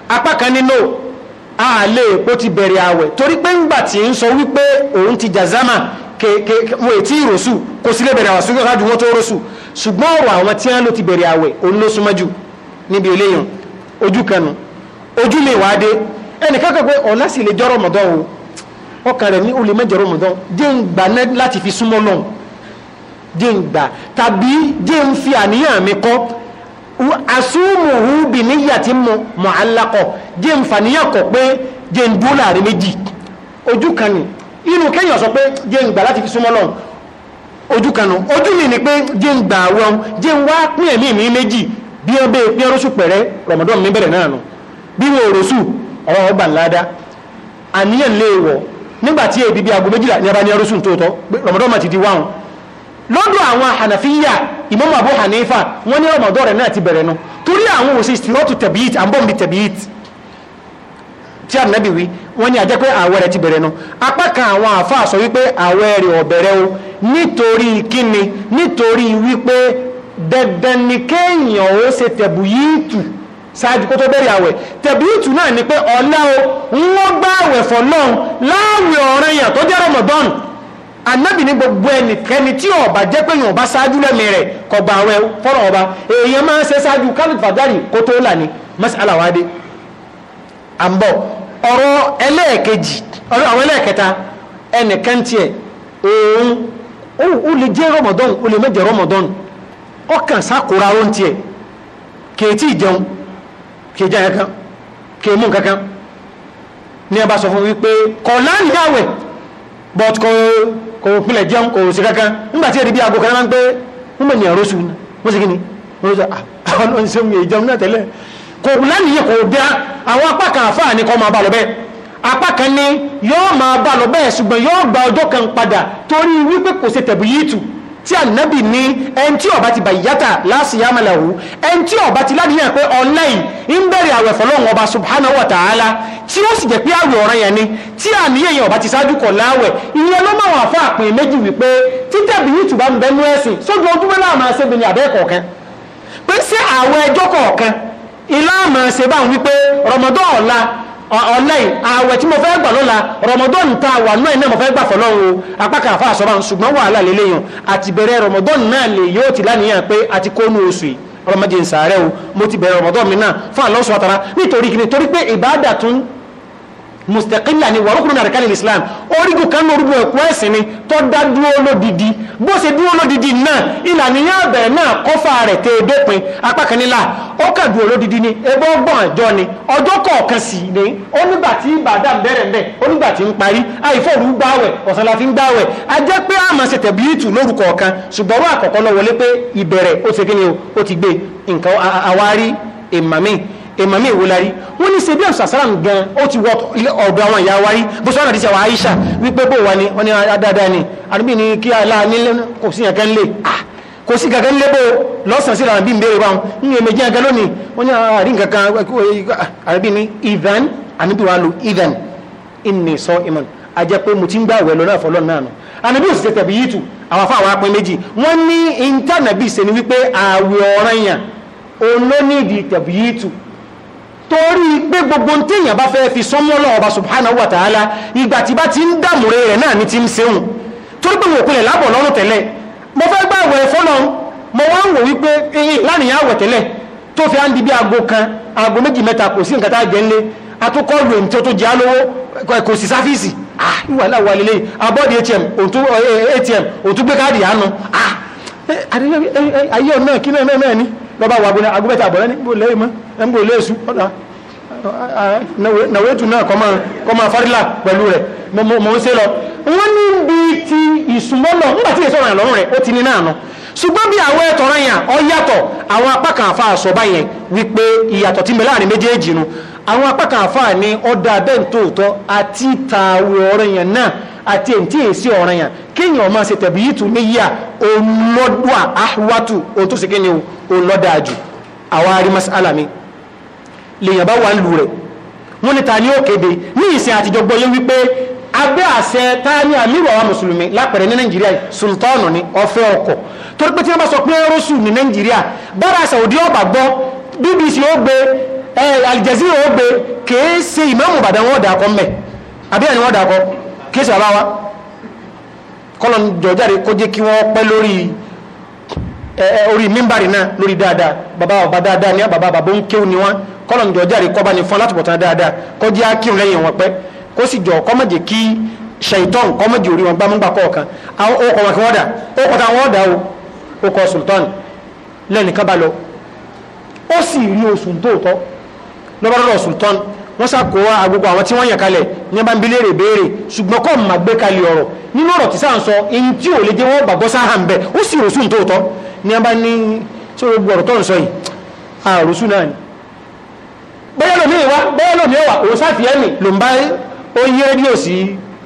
apá kan nínú a lè epo ti bẹ̀rẹ̀ àwẹ̀ torí pé ńgbà tí ń sọ wípé òun ti jazama kèké wọn ètí ìrọ̀sù kò sí lè bẹ̀rẹ̀ àwẹ̀ sí wọn tó rọ̀sù ṣùgbọ́n ọ̀rọ̀ àwọn tí wọ́n lò ti bẹ̀rẹ̀ àwẹ̀ òun ló súnmọ́jú níbi eléyàn ojú kanu ojú mi wàá dé ẹnìkan kan pé ọ̀la sì lè jọ́rọ̀ mọ̀dọ́ o ọkàn rẹ̀ ní olè mẹ́jọ̀rọ̀ mọ̀dọ́ dé ń gbà láti fi súnmọ́ lọ́hùn dé ń gbà tàbí dé ń fi àníyàn mi kọ́ asumuhu bì níyàtí mụ alakọ jẹ́ nfàníyàkọ̀ pé je ń dúró láàrin méjì ojú kan ní inú kẹ́yìn ọ̀sọ̀ pé jẹ́ ń gbà láti fi súnmọ́ lọ ojú kan nù ojú ni pé jẹ́ ń gbà wọn jẹ́ ń wá pín ẹ̀mí mi méjì bí ọ bẹ́ẹ̀ pín ọrọ́sù pẹ̀rẹ́ mi bẹ̀rẹ̀ náà nù bí wọn ọ̀rọ̀ ọgbà ńláda àníyàn lọ́dọ̀ àwọn aha Imam Abu Hanifa wọ́n ní ọmọdọ́ rẹ̀ náà ti bẹ̀rẹ̀ nu torí àwọn òsì tí wí wọ́n ní àjẹ́ pé rẹ̀ ti bẹ̀rẹ̀ nu apá kan àwọn àáfàá sọ wípé àwẹ̀ rẹ̀ ò o nítorí kíni nítorí wípé ni ṣe tẹ̀bùyìtù ṣáájú kó tó bẹ̀rẹ̀ àwẹ̀ tẹ̀bíìtù náà ni pé ọ̀lá o wọ́n gbá àwẹ̀ anábì ní gbogbo ẹnìkẹ́ni tí ọba jẹ́ pé yọ̀ọ̀bá ṣáájú lẹ́mìí rẹ̀ kọgbà àwẹ̀ fọ́rọ̀ ọba èèyàn máa ń ṣe ṣáájú kálífà dárì kó tó là ní masala wa dé ọ̀rọ̀ ẹlẹ́ẹ̀kejì ọ̀rọ̀ àwọn ẹlẹ́ẹ̀kẹta ẹnìkan tiẹ̀ òun ó lè jẹ́ rọmọdọ́n ó lè kansa rọmọdọ́n ọkàn sákòrò aró tiẹ̀ kèétí ìjẹun kèéjà but kò pínlẹ̀ jẹun kò sí kankan nígbàtí èdè bí aago kan máa ń pé wọ́n mọ̀ ènìyàn rọ́ṣù wọ́n sì kí ni wọ́n sọ ah, àwọn ọ̀nṣẹ́ náà tẹ́lẹ̀ kò lánìyàn kò dá àwọn apá kan àfáà ní kọ́ máa bá lọ bẹ́ẹ̀ apá kan ní yóò máa bá lọ bẹ́ẹ̀ ṣùgbọ́n yóò gba ọjọ́ kan padà torí wípé kò ṣe tẹ̀bù yìí tù tí ànábì ní ẹni tí ọba ti bàyíyàtà láṣìyàmàlàwù ẹni tí ọba ti ládìyàn pé ọlẹ́yìn ń bẹ̀rẹ̀ àwẹ̀ fọlọ́run ọba subhanahu wa ta'ala tí ó sì jẹ́ pé àwẹ̀ ọ̀ràn yẹn ni tí àníyàn ọba ti ṣáájú kọ̀ láwẹ̀ ìyẹn ló máa wà fún àpín méjì wípé títẹ̀bí yìí tùbá ń bẹ nú ẹ̀sìn sójú ojúmọ́ náà máa ṣe bìnrin àbẹ́ kọ̀ọ̀kan pé sí àwẹ̀ ẹjọ́ kọ̀ọ̀kan ilá máa ṣe báwọn wípé rọmọdọ́ ọ̀la ọ̀lẹ́yìn ààwẹ̀ tí mo fẹ́ gbà lọ́la Ramadan ta wà náà iná mo fẹ́ gbà fọlọ́run apákà àfa àsọ̀bá ṣùgbọ́n wàhálà lélẹ́yìn àti bẹ̀rẹ̀ Ramadan náà lè yóò ti lánìyàn pé àti kónú oṣù yìí ọlọ́mọdé ń sàárẹ̀ o mo ti bẹ̀rẹ̀ Ramadan mi náà fún àlọ́sùn àtàrà nítorí kìíní torí pé ìbáàdà tún mustaqilla ni wa rukun arkan islam origun kan no rubu ẹ̀kọ́ ẹ̀sìn ni tó dá dúró lódìdí bó ṣe dúró lódìdí náà ìlànà ya be náà kò fa rẹ̀ te dópin apá kan ni la ó kà dúró lódìdí ni ebo gbon ọjọ́ ni ọjọ́ kọ̀ọ̀kan sì ni onígbà tí ibadan bẹ̀rẹ̀ nbe onígbà tí ń parí ai fo ru gbààwẹ̀ O la fi ń gbààwẹ̀ a jẹ́ pé a máa ṣe tabiitu lórúkọ kan ṣùgbọ́n wa àkọ́kọ́ ló wọlé pé ìbẹ̀rẹ̀ ó ṣe kíni ó ti gbé nǹkan awari imami ìmàmí ìwòlárí wọ́n ní ṣe bí ọ̀sàsáràn gan ó ti wọ ọ̀dọ̀ àwọn ìyá wárí bó sọ́nà díṣẹ́ wàá Aisha wípé bó wà ní wọ́n ní ah, dáadáa ni àdúgbò ní kí aláàní kò kò sí kankan lé ah, bó lọ́sàn sí làwọn bí n ní èmi jẹ́ lónìí wọ́n ní àárín ah, kankan àrẹ́bí ní ivan àníbí wa lo ivan ìní sọ ìmọ̀ ajẹ́ pé mo ti ń gbàwẹ̀ lọ́nà àfọlọ́ náà nù àníbí òsì tẹ̀ tẹ̀bí yìí tù àwọn afáwọn apẹ méjì wọ́n ní intanẹ̀bí ni wípé àwẹ̀ ọ̀ranyàn olónìdí tẹ̀bí yìí torí pé gbogbo tí èyàn bá fẹ́ fi sánmọ́ lọ́wọ́ bá subhanahu wa ìgbà tí bá ti ń dààmú rẹ̀ náà ni ti ń seun torí pé wọ́n pinnu lábọ̀ lọ́rùn tẹ́lẹ̀ mo fẹ́ gbà wẹ̀ fọ́nà mo wá ń wò wípé eyín láàrin tẹ́lẹ̀ tó fi bí aago kan aago méjì mẹ́ta kò sí nǹkan tá a jẹ́ tó lọ́ba wà bóni agúbẹ́ta àbọ̀rẹ́ ní bò lẹ́yìn mọ́ ẹ̀ ń bò lẹ́sù ọ̀dà nàwẹ́tù náà kọ́ máa fárílà pẹ̀lú rẹ̀ mọ̀ ń sé lọ wọ́n ní bí ti ìsúnmọ́lọ̀ nígbà tí ìsọ̀rọ̀ àlọ́run rẹ̀ ó ti ní náà nà ṣùgbọ́n bí àwọn ẹ̀tọ́ rẹ̀ ọ yàtọ̀ àwọn apá àfa àsọ̀bá yẹn wípé ìyàtọ̀ tí mẹ́láàrin méjèèjì nu àwọn apákan àfáà ní ọdá abẹ́ǹ tóòtọ́ àti tààwọ̀ ọ̀rẹ́yàn náà àti èntí èsì ọ̀rẹ́yàn kíyàn ọmọ ṣe tẹ̀bí yìí tù níyà olọ́dọ̀ àwátù o tó sì kí ni olọ́dà jù àwọn arí masala mi lèyàn bá wà ń lù rẹ̀ wọ́n ní ta ni ó kéde ní ìsìn àtijọ́ gbọ́yé wípé abẹ́ àṣẹ tá ní àmìrò àwọn mùsùlùmí lápẹ̀rẹ̀ ní nàìjíríà sultanu ni ọ̀fẹ́ ọkọ̀ torí pé tí wọ́n bá sọ pé rọ́ṣù ní nàìjíríà bára Saudi ọba gbọ́ BBC ó gbé aljazira ó gbé kìí ṣe bada Ìbàdàn wọn dàkọ mme àbíyàn ni wọ́n dàkọ kìí ṣe bàbá wa kọ́lọ̀ jọjáde ki jẹ́ kí lori ori lórí orí lori daada lórí dáadáa daada bàbá dáadáa ní bàbá bàbá ni wọ́n kọ́lọ̀ jọjáde kọ́ ni ní fún alátùpọ̀tán dáadáa kó jẹ́ akírun lẹ́yìn wọn pẹ́ kó jọ kọ́ mọ̀jẹ̀ ki seitan kọ́ wọn lọ́bàrọ̀lọ̀ sultan wọ́n sàkówá agbogbo àwọn tí wọ́n yàn kalẹ̀ ní bá ń bi léèrè béèrè ṣùgbọ́n kọ́ mà gbé kalẹ̀ ọ̀rọ̀ nínú ọ̀rọ̀ tí sáà ń sọ èyí tí ò lè jẹ́ wọ́n bàgbọ́ sáà ń bẹ̀ ó sì rọ̀sùn tóòtọ́ ní bá ní tí ó gbogbo tó ń sọ yìí àròsùn náà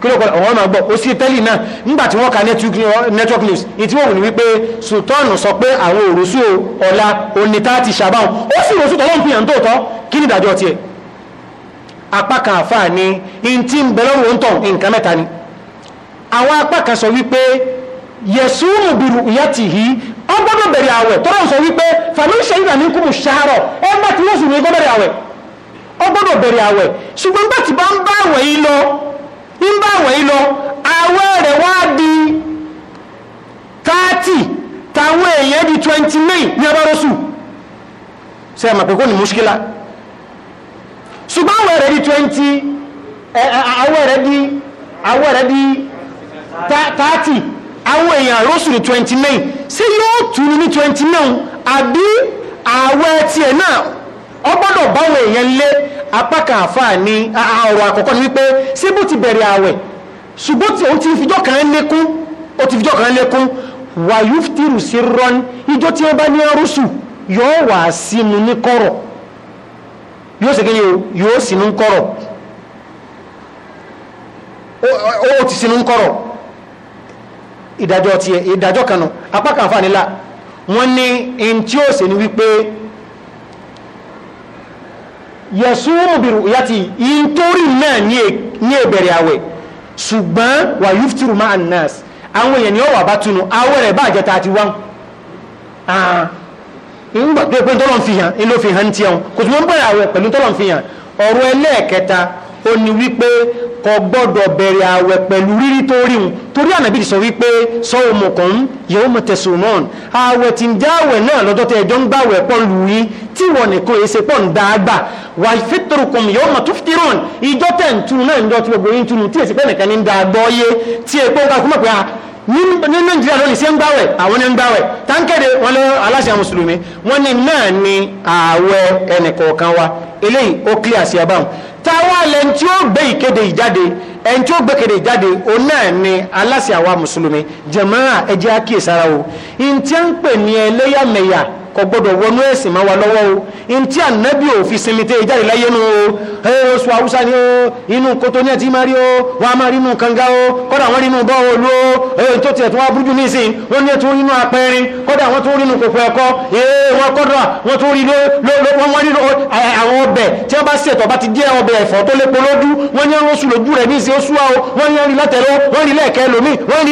kílòkọ̀ ọ̀wọ́n máa gbọ́ ó sí tẹ́lì náà nígbàtí wọ́n ka network news ìtí wọ́n wù ní wípé sultan sọ pé àwọn òrùsù ọ̀la ti ṣàbáwọn ó sì rọ̀sù tọ́lọ́n fi hàn tóòtọ́ kí ní ìdájọ́ tiẹ̀ ni in ti ń bẹ̀rẹ̀ òun nǹkan mẹ́ta ni àwọn sọ wípé ọ gbọ́dọ̀ bẹ̀rẹ̀ àwẹ̀ sọ wípé ń bá àwẹ̀ yìí lọ àwẹ̀ rẹ̀ wá di thirty táwọn èèyàn di twenty nine ní abárọ́sù ṣe àmà pé kò ní mùṣkílà ṣùgbọ́n àwẹ̀ rẹ̀ di twenty àwẹ̀ rẹ̀ di àwẹ̀ rẹ̀ di thirty àwọn èèyàn rọ́sù ní twenty nine ṣé yóò tún ní twenty nine àbí àwẹ̀ tiẹ̀ náà ọ gbọ́dọ̀ báwọn èèyàn lé apá kan àfáà ní ọ̀rọ̀ àkọ́kọ́ ni wípé ṣé bó ti bẹ̀rẹ̀ àwẹ̀ ṣùgbọ́n tí òun ti fijọ́ kan lékún ó ti fijọ́ kan lékún wàyúftìrù sí rọ́n ìjọ tí wọ́n bá ní ọrùsù yóò wà sínú ní kọ̀rọ̀ yóò sì kéye yóò sínú kọ̀rọ̀ ó ti sínú kọ̀rọ̀ ìdájọ́ tiẹ̀ ìdájọ́ kan nílà wọ́n ní ẹni tí ó sì ní wípé yẹ̀súnmù bìrù yàtì ìntorí náà ní ẹ̀bẹ̀rẹ̀ e, àwẹ̀ ṣùgbọ́n wà yúftìrù máa nas àwọn èèyàn ni ó wà bá túnú awẹ́ rẹ̀ bá àjẹta àti wá ìgbà ah, tó pé tọ́lọ̀ fi hàn ló ó ní wípé kò gbọ́dọ̀ bẹ̀rẹ̀ àwẹ̀ pẹ̀lú rírí tó rí un torí ànàbí ti sọ wípé sọ òmùkàn yóò mọ̀ tẹ̀sùn náà àwẹ̀ tí ń já àwẹ̀ náà lọ́jọ́ tẹ ẹjọ́ ń gbà wẹ̀ pọ̀ lù yín tí wọ́n nìkan èsè pọ̀ ń dáàgbà wà fẹ́tọ̀rọ̀kùn yóò mọ̀ tuftirun ìjọ tẹ̀ ń tunu náà ń jọ tí gbogbo yín tunu tí èsì pẹ́ ní nàìjíríà lónìí sí ń gbáwẹ̀ àwọn ní ń gbáwẹ̀ táǹkẹ́dẹ̀ wọn lọ aláṣẹ mùsùlùmí wọn ni náà ni ààwẹ̀ ẹnìkọ̀ọ̀kan wa eléyìí ó kílíà sí abáhùn táwọn alẹ́ ń tí ó gbé ìkéde ìjáde ẹni tí ó gbé ìkéde ìjáde òun náà ni aláṣẹ àwa mùsùlùmí jàmáà ẹjẹ́ àkíyèsára o ìntí à ń pè ní ẹlẹ́yàmẹ̀yà kò gbọdọ̀ wọnú ẹ̀sìn máa wà lọ́wọ́ o in tí ànábì ò fi sinmi tẹ́ ìjáde láyé nu o ẹ oṣù haúsá ni o inú koto ní ẹtí máa rí o wọn a máa rí inú kanga o kọ́dà wọn rí inú bọ́ọ̀ olú o ẹ tó tiẹ̀ tó wá burúkú nísìn wọn ní ètò inú apẹ́rin kọ́dà wọn tó rí inú kòkó ẹ̀kọ́ ee wọn kọ́dà wọn tó rí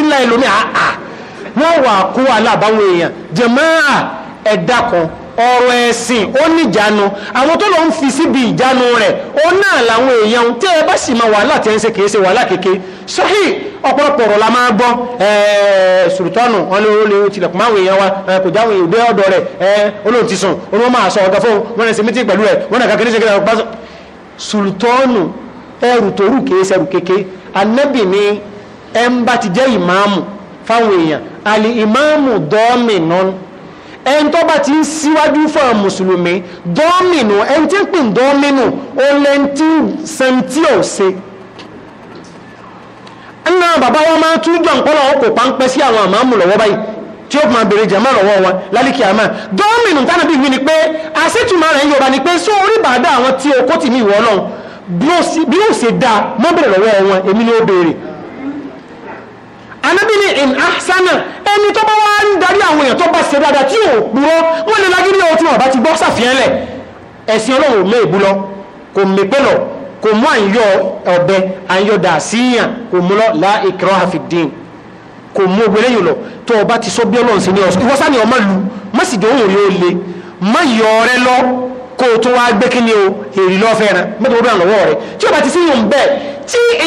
ló wọn wà kó aláàbáwọn èèyàn jẹ̀máà ẹ̀dá kan ọ̀rọ̀ ẹ̀sìn ó níjánu àwọn tó lọ ń fi síbi ìjánu rẹ̀ ó náà làwọn èèyàn tí ẹ bá sì máa wàhálà tí ẹ ń ṣe kìí ṣe wàhálà kéke sọ́hì ọ̀pọ̀lọpọ̀ ọ̀rọ̀ la máa gbọ́ sùrùtọ́nù ọlọ́ọ̀lẹ́ tilẹ̀kùn máa wèèyàn wa kò jáwé òde ọ̀dọ̀ rẹ̀ olóhùn ti sùn olóhùn máa sọ ọ̀gá fóun wọn ẹ̀ ṣe mítí pẹ̀lú rẹ̀ wọn ẹni tó bá ti ń síwájú fún àwọn mùsùlùmí dọ́ọ̀mìnù ẹni tí ń pè dọ́ọ̀mìnù ó lẹ́ tí ń sẹ́ni tí ò ṣe ẹnà bàbá wọn máa tún gbọ̀n pọ́lọ̀ ọkọ̀ páńpẹ́ sí àwọn àmàmù lọ́wọ́ báyìí tí ó máa bèrè jàmá lọ́wọ́ wọn lálìkí àmà dọ́ọ̀mìnù tánà bí ni pé àṣetùmọ̀ rẹ̀ ń yorùbá ni pé só orí bàdá àwọn tí okó tì mí ìwọ náà bí ó ṣe dáa mọ́ bèrè lọ́wọ́ wọn èmi ni ó bèrè anábìnrin in ahsana ẹni tó bá wá ń darí àwọn èèyàn tó bá ṣe dáadáa tí ò purọ́ wọ́n lè lágírí ọ̀hún tí wọ́n bá ti gbọ́ sàfihàn lẹ̀ ẹ̀sìn ọlọ́run ò méèbú lọ kò mèpé lọ kò mú àyọ ọ̀bẹ àyọ dàásíyàn kò mú lọ la ikraha fi din kò mú ogun lẹ́yìn lọ tó o bá ti sọ bí ọlọ́run sí ní ọ̀sán ìwọ́sá ni ọmọ lu má sì dòun rí o le má yọ ọrẹ lọ kó o tún wá gbé kí ni o èrì lọ fẹ́ ran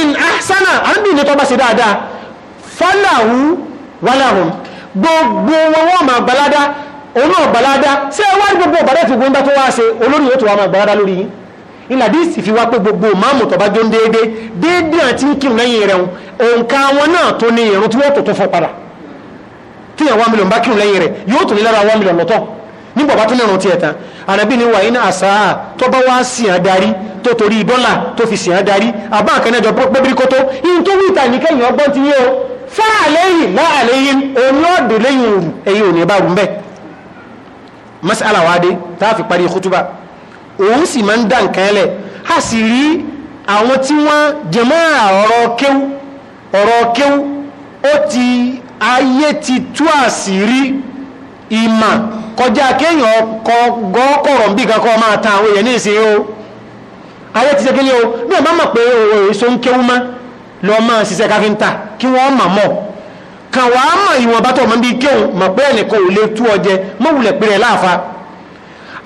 in ahsana àbí ní tó bá ṣe fọ́láhù wàláhùn gbogbo wọn wọ́n ma gbalada òun náà gbalada ṣé gbogbo ọ̀bàdà tí gbogbo ń bá tó wá ṣe olórí yóò tó wá ma gbalada lórí yín ìlàdí ìsìfi wá pé gbogbo máàmù tọ́ba jó ń déédé déédé àti ń kírun lẹ́yìn rẹ̀ òǹkà wọn náà tó ní ìrún tí wọ́n tó tó fọ́ padà tí yẹn wá mílíọ̀nù bá kírun lẹ́yìn rẹ̀ yóò tó ní lára wá mílíọ̀nù lọ́tọ̀ nígbà bá tún nírun tiẹ̀ tán ànábì ni wàyí ní àṣà tọ́ba wá sí àdarí tó torí dọ́là tó fi sí àdarí àbá àkànnẹ́jọ pẹ́bírí kótó ìyẹn tó wí ìtàn fáàlẹ́yìn láàlẹ́yìn olóòdè lẹ́yìn òrù ẹ̀yìn òní bá rú mẹ́ masala wáde tá a fi parí kútúbà òun sì máa ń dá nǹkan ẹlẹ̀ a sì rí àwọn tí wọ́n jẹmọ́ ọ̀rọ̀ kéwú ó ti ayé ti tú àṣírí ìmà kọjá kéèyàn gọ́ọ̀kọ̀rọ̀ bí kankan máa ta àwọn èèyàn ní ìsìn o ayé ti ṣe kéèyàn o bí ẹ̀ má mọ̀ pé òwe èso ń kéwú mọ́ lọ́ọ́ máa ṣiṣẹ́ káfíńtà kí wọ́n mà mọ̀ kàn wá mà ìwọ̀n bá tọ̀ mọ́ bí kéhùn mọ̀ pé ẹnìkan ò lè tú ọjẹ mọ́ wulẹ̀ pé rẹ̀ láàfa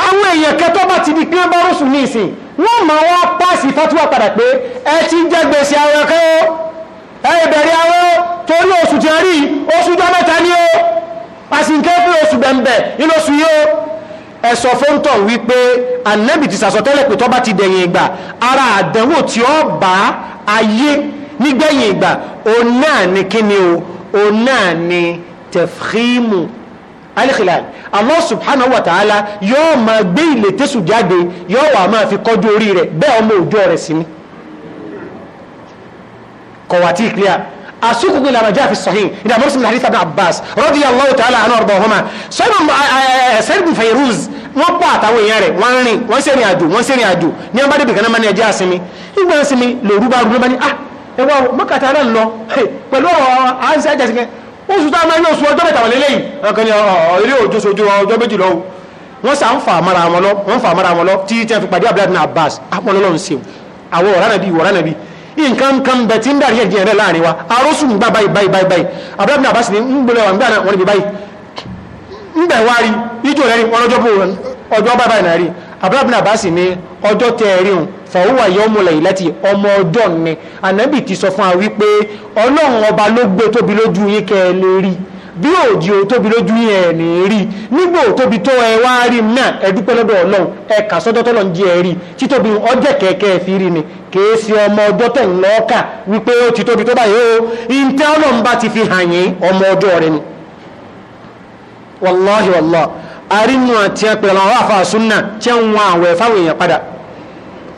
àwọn èèyàn kẹtọ́ bá ti di pé bá rọ́sùn ní ìsìn wọ́n mọ̀ wọ́n pàṣì fatuwa padà pé ẹ ti ń jẹ́ gbèsè àwọn ẹ̀kọ́ ẹ ìbẹ̀rẹ̀ àwọn torí oṣù ti rí oṣù jọ mẹ́ta ní o pàṣínkẹ́ pé oṣù bẹ̀m̀bẹ̀ inú oṣù yóò ẹ̀sọ̀ fóńtọ̀ wípé ànẹ́bì ti sàsọtẹ́lẹ̀ pé tọ́ bá ti dẹ̀yìn ìgbà ara àdánwò tí ó bá ayé nígbẹ̀yìn ìgbà òun náà ni kíni o òun náà ni tẹfíìmù alìkìlàl Allah subhanahu wa ta'ala yóò máa gbé ilé tẹ́sù jáde yóò wà máa fi kọjú orí rẹ̀ bẹ́ẹ̀ ọmọ òjò rẹ̀ sí ni kọ̀wàtí ìkìlíà أسوقكم إلى ما جاء في الصحيح إلى مرسل من حديث ابن عباس رضي الله تعالى عنه وأرضاهما سيد بن فيروز wọ́n pọ̀ àtàwọn èèyàn rẹ̀ wọ́n rìn wọ́n sẹ́rìn àjò wọ́n sẹ́rìn àjò ní abádébìkan náà máa ẹjẹ́ àsinmi ìgbà àsinmi lòrú bá rú ló ah ẹwà mọ́kàtà náà lọ pẹ̀lú àánsẹ́ àjẹsìnkẹ́ oṣù tó máa ń lọ sùn ọjọ́ mẹ́ta wọlé lẹ́yìn ọkàn ni eré òjò sojú ọjọ́ méjì lọ wọ́n sà ń fa àmàrà wọn lọ wọ́n fa àmàrà wọn lọ tí tẹ́ fi pàdé abdulhadi náà Abbas àwọn ọlọ́run ṣe àwọn ọ̀rá nàbí ìwọ̀rá nàbí nǹkan kan bẹ̀ tí ń dàrí ẹ̀jẹ̀ rẹ̀ láàrin wa arósù ń gbà báyìí báyìí báyìí báyìí abdulhadi náà Abbas ni ń gbọ́dọ̀ wà ń gbà náà wọ́n níbi báyìí ń bẹ̀ wá rí ijó rẹ̀ rí wọn lọ́jọ́ bó ọjọ́ báyìí náà rí abdulhadi náà Abbas ọjọ́ tẹ́ ya yọ́mù láìláti ọmọ ọjọ́ ni anabi ti sọ fún wa wípé ọlọ́run ọba ló gbé tóbi lójú yín kẹ́ ẹ rí bí òjì ò tóbi lójú yín rí nígbò tóbi tó ẹ wá ẹ dúpẹ́ lọ́dọ̀ ọlọ́run ẹ kà sọ́dọ̀ tọ́lọ́ ń jí ẹ rí títóbi kẹ̀kẹ́ ẹ ni kèé ọmọ tẹ̀ ń wípé ó ti tóbi tó báyìí ọlọ́run bá ti fi hàn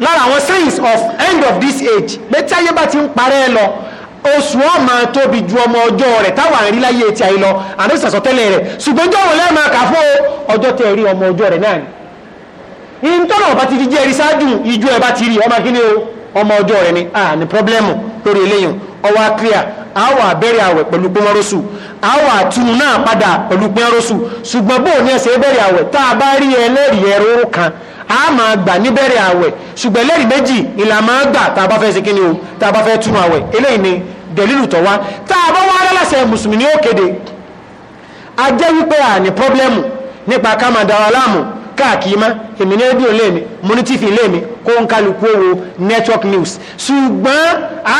lára àwọn signs of end of this age pé bá ti ń parẹ́ lọ oṣù ọmọ tóbi ju ọmọ ọjọ́ rẹ̀ tawà àrí láyé ti àyè lọ àdó ìsàsọ tẹ́lẹ̀ rẹ̀ ṣùgbọ́n ọjọ́ rí ọmọ ọjọ́ rẹ̀ náà ni ọba ti jẹ́ ṣáájú ẹ̀ bá ti rí ọmọ ọmọ ọjọ́ rẹ̀ ni a ní pọ́blẹ́mù lórí eléyìn ọwọ́ àwọ̀ abẹ́rẹ́ àwẹ̀ pẹ̀lú àwọ̀ a bá rí a máa gbà níbẹ̀rẹ̀ àwẹ̀ ṣùgbọ́n lẹ́rìí méjì ìlà máa gbà tá a bá fẹ́ ṣe kí ni o tá a bá fẹ́ túnú àwẹ̀ eléyìí ni dẹ̀lílù tọ́ wá tá a bá wá lálàsẹ̀ mùsùlùmí ni ó kéde a jẹ́ wípé à ní pọ́blẹ́mù nípa ká máa dára láàmú káàkiri má èmi ní rédíò lé mi mo ní tífì lé mi kó ń kálukú owó network news ṣùgbọ́n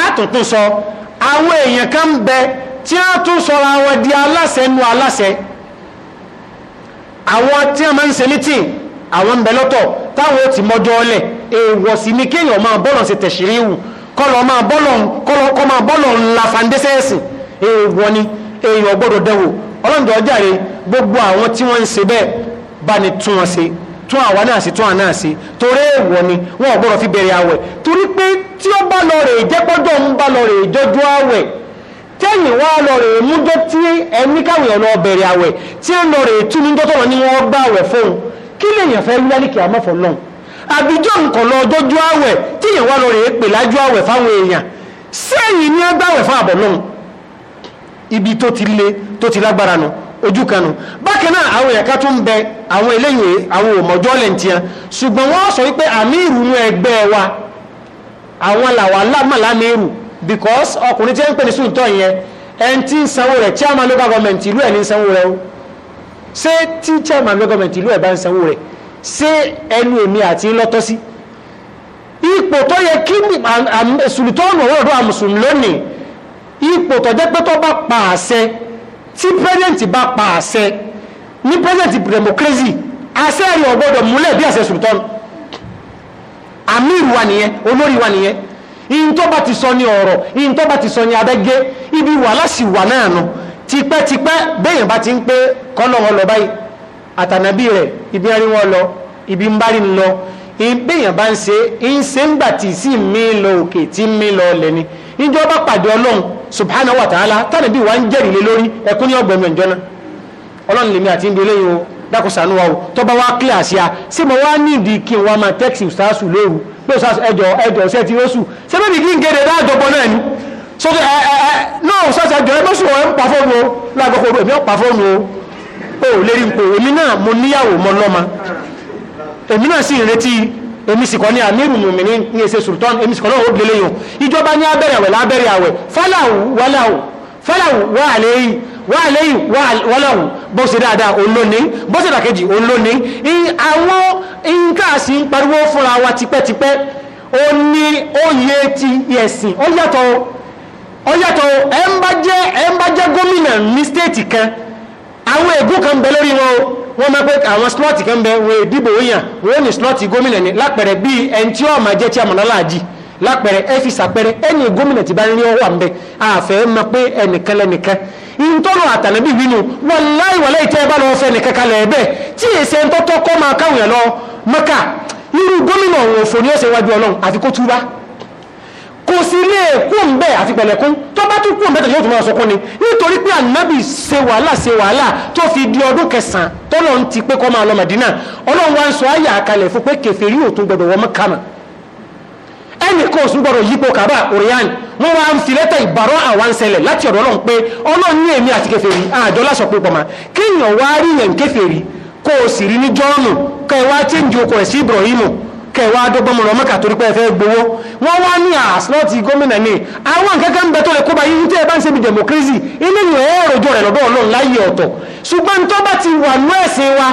àtúntún sọ àwọn èèyàn kan bẹ tí a tún sọ̀rọ̀ àwọn di aláṣẹ nu aláṣẹ àwọn tí a máa ń ṣe mítìn àwọn ńbẹ̀lọ́tọ̀ táwọn ó ti mọ́jọ́ ọlẹ̀ èèwọ̀ sí ní kéèyàn máa bọ́lọ̀ sí tẹ̀sírí wù kọ́lọ̀ máa bọ́lọ̀ kọ́lọ̀ kọ́ máa bọ́lọ̀ ńlá fàndésẹ́ẹ̀sì èèwọ̀ ni èèyàn gbọ́dọ̀ dẹ́wò ọlọ́njọ́ jàre gbogbo àwọn tí wọ́n ń ṣe bẹ́ẹ̀ bá ní tún wọn ṣe tún àwa náà sí tún àná sí torí èèwọ̀ ni wọn ò gbọ́dọ̀ fi bẹ̀rẹ̀ àwẹ̀ torí pé tí ó bá lọ rèé jẹ́pọ́jọ́ ń bá lọ rèé jọjú àwẹ̀ tẹ́yìn wá lọ rèé mújọ́ tí ẹni káwọn èèyàn lọ bẹ̀rẹ̀ àwẹ̀ tí ń lọ rèé tún níjọ́ tọ̀rọ̀ ni wọ́n gbà àwẹ̀ fóun kí lèyàn fẹ́ rí lálẹ́ kí a mọ́fọ́ lọ́n àbíjọ́ nǹkan lọ ọjọ́jú àwẹ̀ tí èèyàn wá lọ rèé pè lájú àwẹ̀ fáwọn èèyàn sẹ́yìn ní agbáwẹ̀ fún àbọ̀ náà ibi tó ti le tó ti lágbára nu ojú kan nu bákan náà àwọn èèyàn ká tó ń bẹ àwọn eléyìí àwọn òmọ̀jọ́ lẹ̀ ń tiẹ̀ ṣùgbọ́n wọ́n sọ wípé àmì ìrùnú ẹgbẹ́ wa àwọn làwà lámàlá ní èrù because ọkùnrin tí wọ́n ń pè ní sùntọ́ yẹn ẹni tí ń sanwó rẹ̀ chairman local government ìlú ẹ̀ ní sanwó rẹ̀ o ṣé tí chairman government ìlú ẹ̀ bá ń sanwó rẹ̀ ṣé ẹnu èmi àti lọ́tọ́ sí ipò tó yẹ kí sùlùtọ́ọ̀nù ọ̀rọ̀ àmùsùlùmí lónìí ipò tó jẹ́ pé tó bá pa àṣẹ tí president bá pa àṣẹ ní president democracy àṣẹ ẹ̀yọ̀ gbọ́dọ̀ múlẹ̀ bí àṣẹ sùlùtọ́ọ̀nù àmìrì wa nìyẹn olórí wa nìyẹn ìyìn tó bá ti sọ ní ọ̀rọ̀ ìyìn tó bá ti sọ ní abẹ́gẹ́ ibi wà láṣìwà náà nù tipẹ́tipẹ́ béèyàn bá ti ń pé kọ́nà wọn lọ báyìí àtànàbí rẹ̀ ibi rí wọn lọ ibi ń bá rí lọ béèyàn bá ń ṣe ń ṣe ń gbà tí sí mi lọ òkè tí mi lọ ọlẹ̀ ni ìjọba pàdé ọlọ́run subhanahu wa ta'ala tànàbí wa ń jẹ́rìí lé lórí ẹkún ní ọgbẹ̀mọ̀ ìjọ́nà ọlọ́run lèmi àti ibi eléyìí o dákun ṣàánú wa o tó bá wá kílẹ̀ àṣìá ṣé mo wá ní ìdí kí n wá máa tẹ́kì ṣáṣù lóru pé ẹjọ́ ẹjọ́ ṣẹ́ ti rọ́ṣù ṣé bẹ́ẹ̀ ni kí n gèrè láàjọpọ̀ náà ni sókè ẹ ẹ ẹ náà sọ́sẹ̀ jọ ẹgbẹ́ sùn ẹ̀ ń pa fóònù o lágbàkọ̀ ọdún èmi ọ̀ pa fóònù o ò lérí nǹkó èmi náà mo níyàwó mọ lọ́mọ èmi náà sì ń retí èmi sì kọ́ ní amírù mùmí ní ní èsè sultan èmi sì kọ́ náà ó gbélé yòó ìjọba ní abẹ́rẹ́ àwẹ̀ lábẹ́rẹ́ àwẹ̀ fọláwù wàláwù fọláwù wà lẹ́yìn wà lẹ́yìn wàláwù bó ṣe dáadáa olóni bó ṣe dàkejì olóni àwọn nǹkan àti pariwo fúnra wa tipẹ́tipẹ́ ó ní ó yẹ ti ẹ̀sìn ó yàtọ̀ ọyàtọ̀ ẹ̀ńbàjẹ́ gómìnà ní stéètì kan àwọn ègún kan bẹ lórí wọn o wọ́n máa pé àwọn slọ́ọ̀tì kan bẹ wọ́n ìdìbò yàn wọ́n ní slọ́ọ̀tì gómìnà ní lápẹ̀rẹ̀ bíi ẹni tí ó máa jẹ́ tí a mọ̀ lálàájì lápẹ̀rẹ̀ ẹ fi sàpẹ̀rẹ̀ ẹni gómìnà ti bá ń rí ọwọ́ àmbẹ̀ àfẹ́ mọ̀ pé ẹnìkan lẹ́nìkan ìtọ́nà àtàlẹ́bí wínú wàláì wàláì tẹ́ ẹ bá lọ́ọ́ fẹ́ nìkan kalẹ̀ ẹ̀bẹ̀ tí èsè ń tọ́tọ́ kọ́ máa káwọn yàn lọ mọ́kà irú gómìnà òfò ni ó ṣe wájú ọlọ́run àfi túbá kò sí ilé ẹ̀kú ńbẹ àti pẹ̀lẹ́kún tó bá tún kú ńbẹ tó yóò tún máa ni nítorí pé ànábì ṣe wàhálà ṣe wàhálà tó fi di ọdún kẹsàn-án tọ́lọ̀ ń ti pé kọ́ máa lọ Mẹ̀dínà ọlọ́run wá ń sọ ayé àkàlẹ̀ fún pé kèfèrí ò tún gbọdọ̀ wọ́n mọ́ kàmà ẹnì kò sún gbọdọ̀ yípo kàbá oriyan wọn wá ń fi lẹ́tà ìbárọ̀ àwọn ṣẹlẹ̀ láti ọ̀dọ̀ ọlọ́run pé ọlọ́run kẹwàá adọ́gbọ́n mọ̀rọ̀ mọ́kà torí pé ẹ fẹ́ gbowó wọ́n wá ní àsìlọ́ọ̀tì gómìnà ni àwọn kankan ń bẹ tó lè kóba yìí tẹ́ ẹ bá ń ṣebí democracy ilé ìwọ̀n ọ̀rọ̀jọ rẹ̀ lọ́dọ̀ ọlọ́run láyé ọ̀tọ̀ ṣùgbọ́n tó bá ti wà ní ẹ̀sìn wa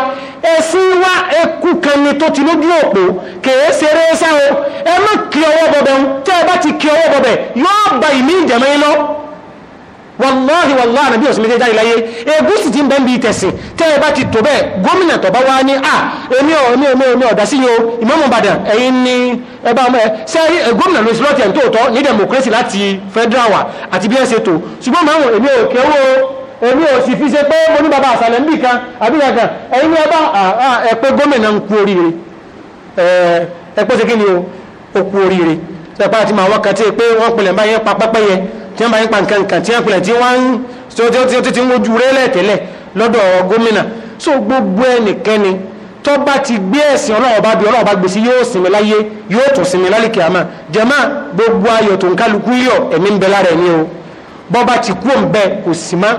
ẹ̀sìn wa ẹkú kan ni tó ti lójú òpó kèé ṣeré sáwọn ẹ má kí ọwọ́ bọbẹ̀ tẹ́ ẹ bá ti kí ọwọ́ bọbẹ̀ yóò ba ìmí ìjẹ̀mọ́ lọ wàláhì wàláhì nàbí ọ̀sìn méjèèjì jáde láyé egúsì ti ń bẹ́ ń bi tẹ̀sìn tẹ́ ẹ bá ti tó bẹ́ẹ̀ gómìnà tó bá wá ní à èmi ọ̀ èmi èmi èmi ọ̀dà sí yìí o ìmọ̀mù Ìbàdàn ẹ̀yin ní ẹ bá ọmọ ẹ ṣé gómìnà ló ti lọ́ọ̀tì ẹ̀ ń tòótọ́ ní democracy láti federal wa àti bí ẹ ṣe tò ṣùgbọ́n màá èmi ò kéwò èmi ò sì fi ṣe pé mo ní baba àṣàlẹ̀ ń bì kan àbí kankan ẹ̀yin ní ẹ bá ẹ pé gómìnà ń kú oríire ẹ pé ṣe kí ni o ó kú oríire ṣe pé àti màá wọ́n kan tí pé wọ́n pinlẹ̀ báyẹn tí wọ́n bá yípa nǹkan kan tí wọ́n pilẹ̀ tí wọ́n ń tí ń wojú rẹ́lẹ̀ tẹ́lẹ̀ lọ́dọ̀ gómìnà so gbogbo ẹnikẹ́ni tó bá ti gbé ẹ̀sìn ọlọ́wọ́ bá bí ọlọ́wọ́ bá gbèsè yóò sinmi láyé yóò tún sinmi lálìkì àmà jẹ́mà gbogbo ayọ̀ tó ń kálukú yọ̀ ẹ̀mí ń bẹ lára ẹ̀mí o bọ́ba ti kú òun bẹ́ẹ̀ kò sì má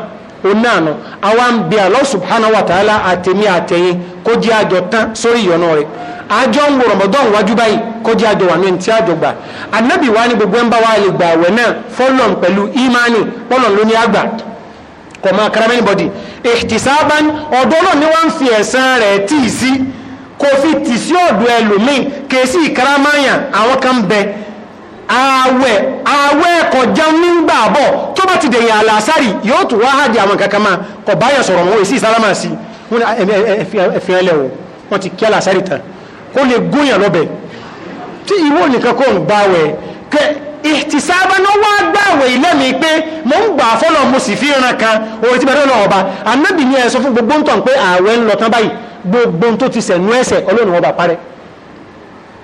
oní àná àwa ń bi Allah subhanahu wa ta'ala àtẹ̀mí àtẹ̀yìn kó jẹ́ àjọ tán sórí ìyọ̀nà rẹ̀ àjọ ń wo rọmọdán wájú báyìí kọjá àjọ wà ní ẹni tí àjọ gbà ànábì wa ni gbogbo ẹ̀ ń bá wa lè gbà àwẹ̀ náà fọlọ́n pẹ̀lú ìmánì fọlọ́n ló ní àgbà kò máa kára mẹ́ni bọ́dì ihtisaban ọ̀dọ́ náà ni wọ́n ń fi ẹ̀san rẹ̀ tì í sí kò fi tì sí ọ̀dọ̀ ẹlòmíì kèsì ìkaramáyà àwọn kan bẹ àwẹ̀ àwẹ̀ kọjá nígbà bọ̀ tó bá ti dẹ̀yìn àlàásárì yóò tún wá hàjì àwọn kankan máa kọ̀ báyà sọ̀rọ̀ wọn èsì ìsálámà sí wọn ti kí àlàásárì tán kó lè gúnyàn lọ́bẹ̀ tí ìwọ nìkan kò ń gbààwẹ̀ kẹ ìtìsábà náà wá gbààwẹ̀ ìlẹ́mi pé mo ń gbà fọ́lọ̀ mo sì fi ran kan orí tí bẹ̀rẹ̀ lọ́wọ́ ọba anábì ni ẹ sọ fún gbogbo ń tàn pé ààwẹ̀ ń lọ tán báyìí gbogbo tó ti sẹ̀ nú ẹsẹ̀ ọba parẹ́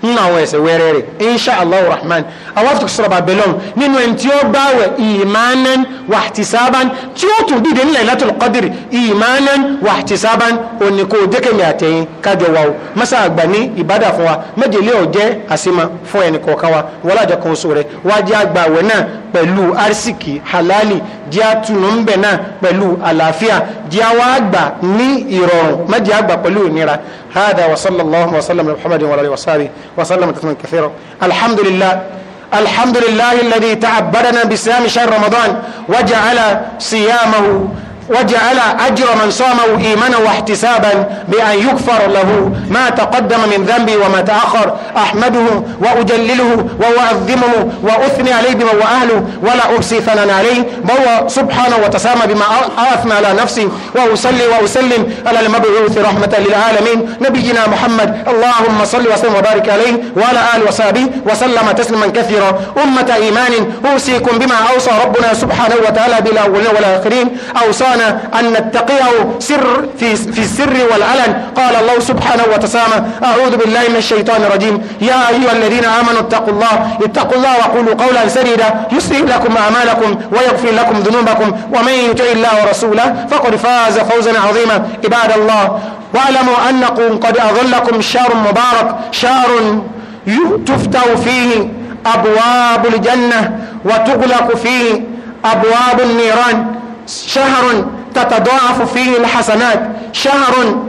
nínú àwọn ẹ̀sẹ̀ wẹ́rẹ́ rẹ̀ insha allah rahman àwọn afẹ́ sọ̀rọ̀ babylon nínú ẹni tí ó gbààwẹ̀ imanan wa ihtisaban tí ó tún dìde ní lailatul qadr imanan wa ihtisaban òní kò dékèmí àtẹ̀yìn kájọ wa o masa àgbà ní ìbádà fún wa méjèlé ọ̀jẹ́ àsìmá fún ẹnì kọ̀ọ̀kan wa wọlé àjọ kan oṣù rẹ̀ wá jẹ́ àgbààwẹ̀ náà pẹ̀lú arsiki halali jẹ́ àtúnú ń náà pẹ̀lú àlàáfíà jẹ́ àwa àgbà ní ìrọ̀rùn má àgbà pẹ̀lú ìnira وسلم تسليما كثيرا الحمد لله الحمد لله الذي تعبدنا بصيام شهر رمضان وجعل صيامه وجعل أجر من صامه إيمانا واحتسابا بأن يكفر له ما تقدم من ذنبي وما تأخر أحمده وأجلله وأعظمه وأثني عليه بما هو أهله ولا أحصي ثناء عليه بل سبحانه وتسامى بما أثنى على نفسي وأصلي وأسلم على المبعوث رحمة للعالمين نبينا محمد اللهم صل وسلم وبارك عليه وعلى آله وصحبه وسلم تسليما كثيرا أمة إيمان أوصيكم بما أوصى ربنا سبحانه وتعالى بالأولين والآخرين أوصانا لنا أن نتقيه سر في, في السر والعلن قال الله سبحانه وتسامى أعوذ بالله من الشيطان الرجيم يا أيها الذين آمنوا اتقوا الله اتقوا الله وقولوا قولا سديدا يسرع لكم أعمالكم ويغفر لكم ذنوبكم ومن يطع الله ورسوله فقد فاز فوزا عظيما عباد الله واعلموا أنكم قد أظلكم شهر مبارك شهر تفتح فيه أبواب الجنة وتغلق فيه أبواب النيران شهر تتضاعف فيه الحسنات شهر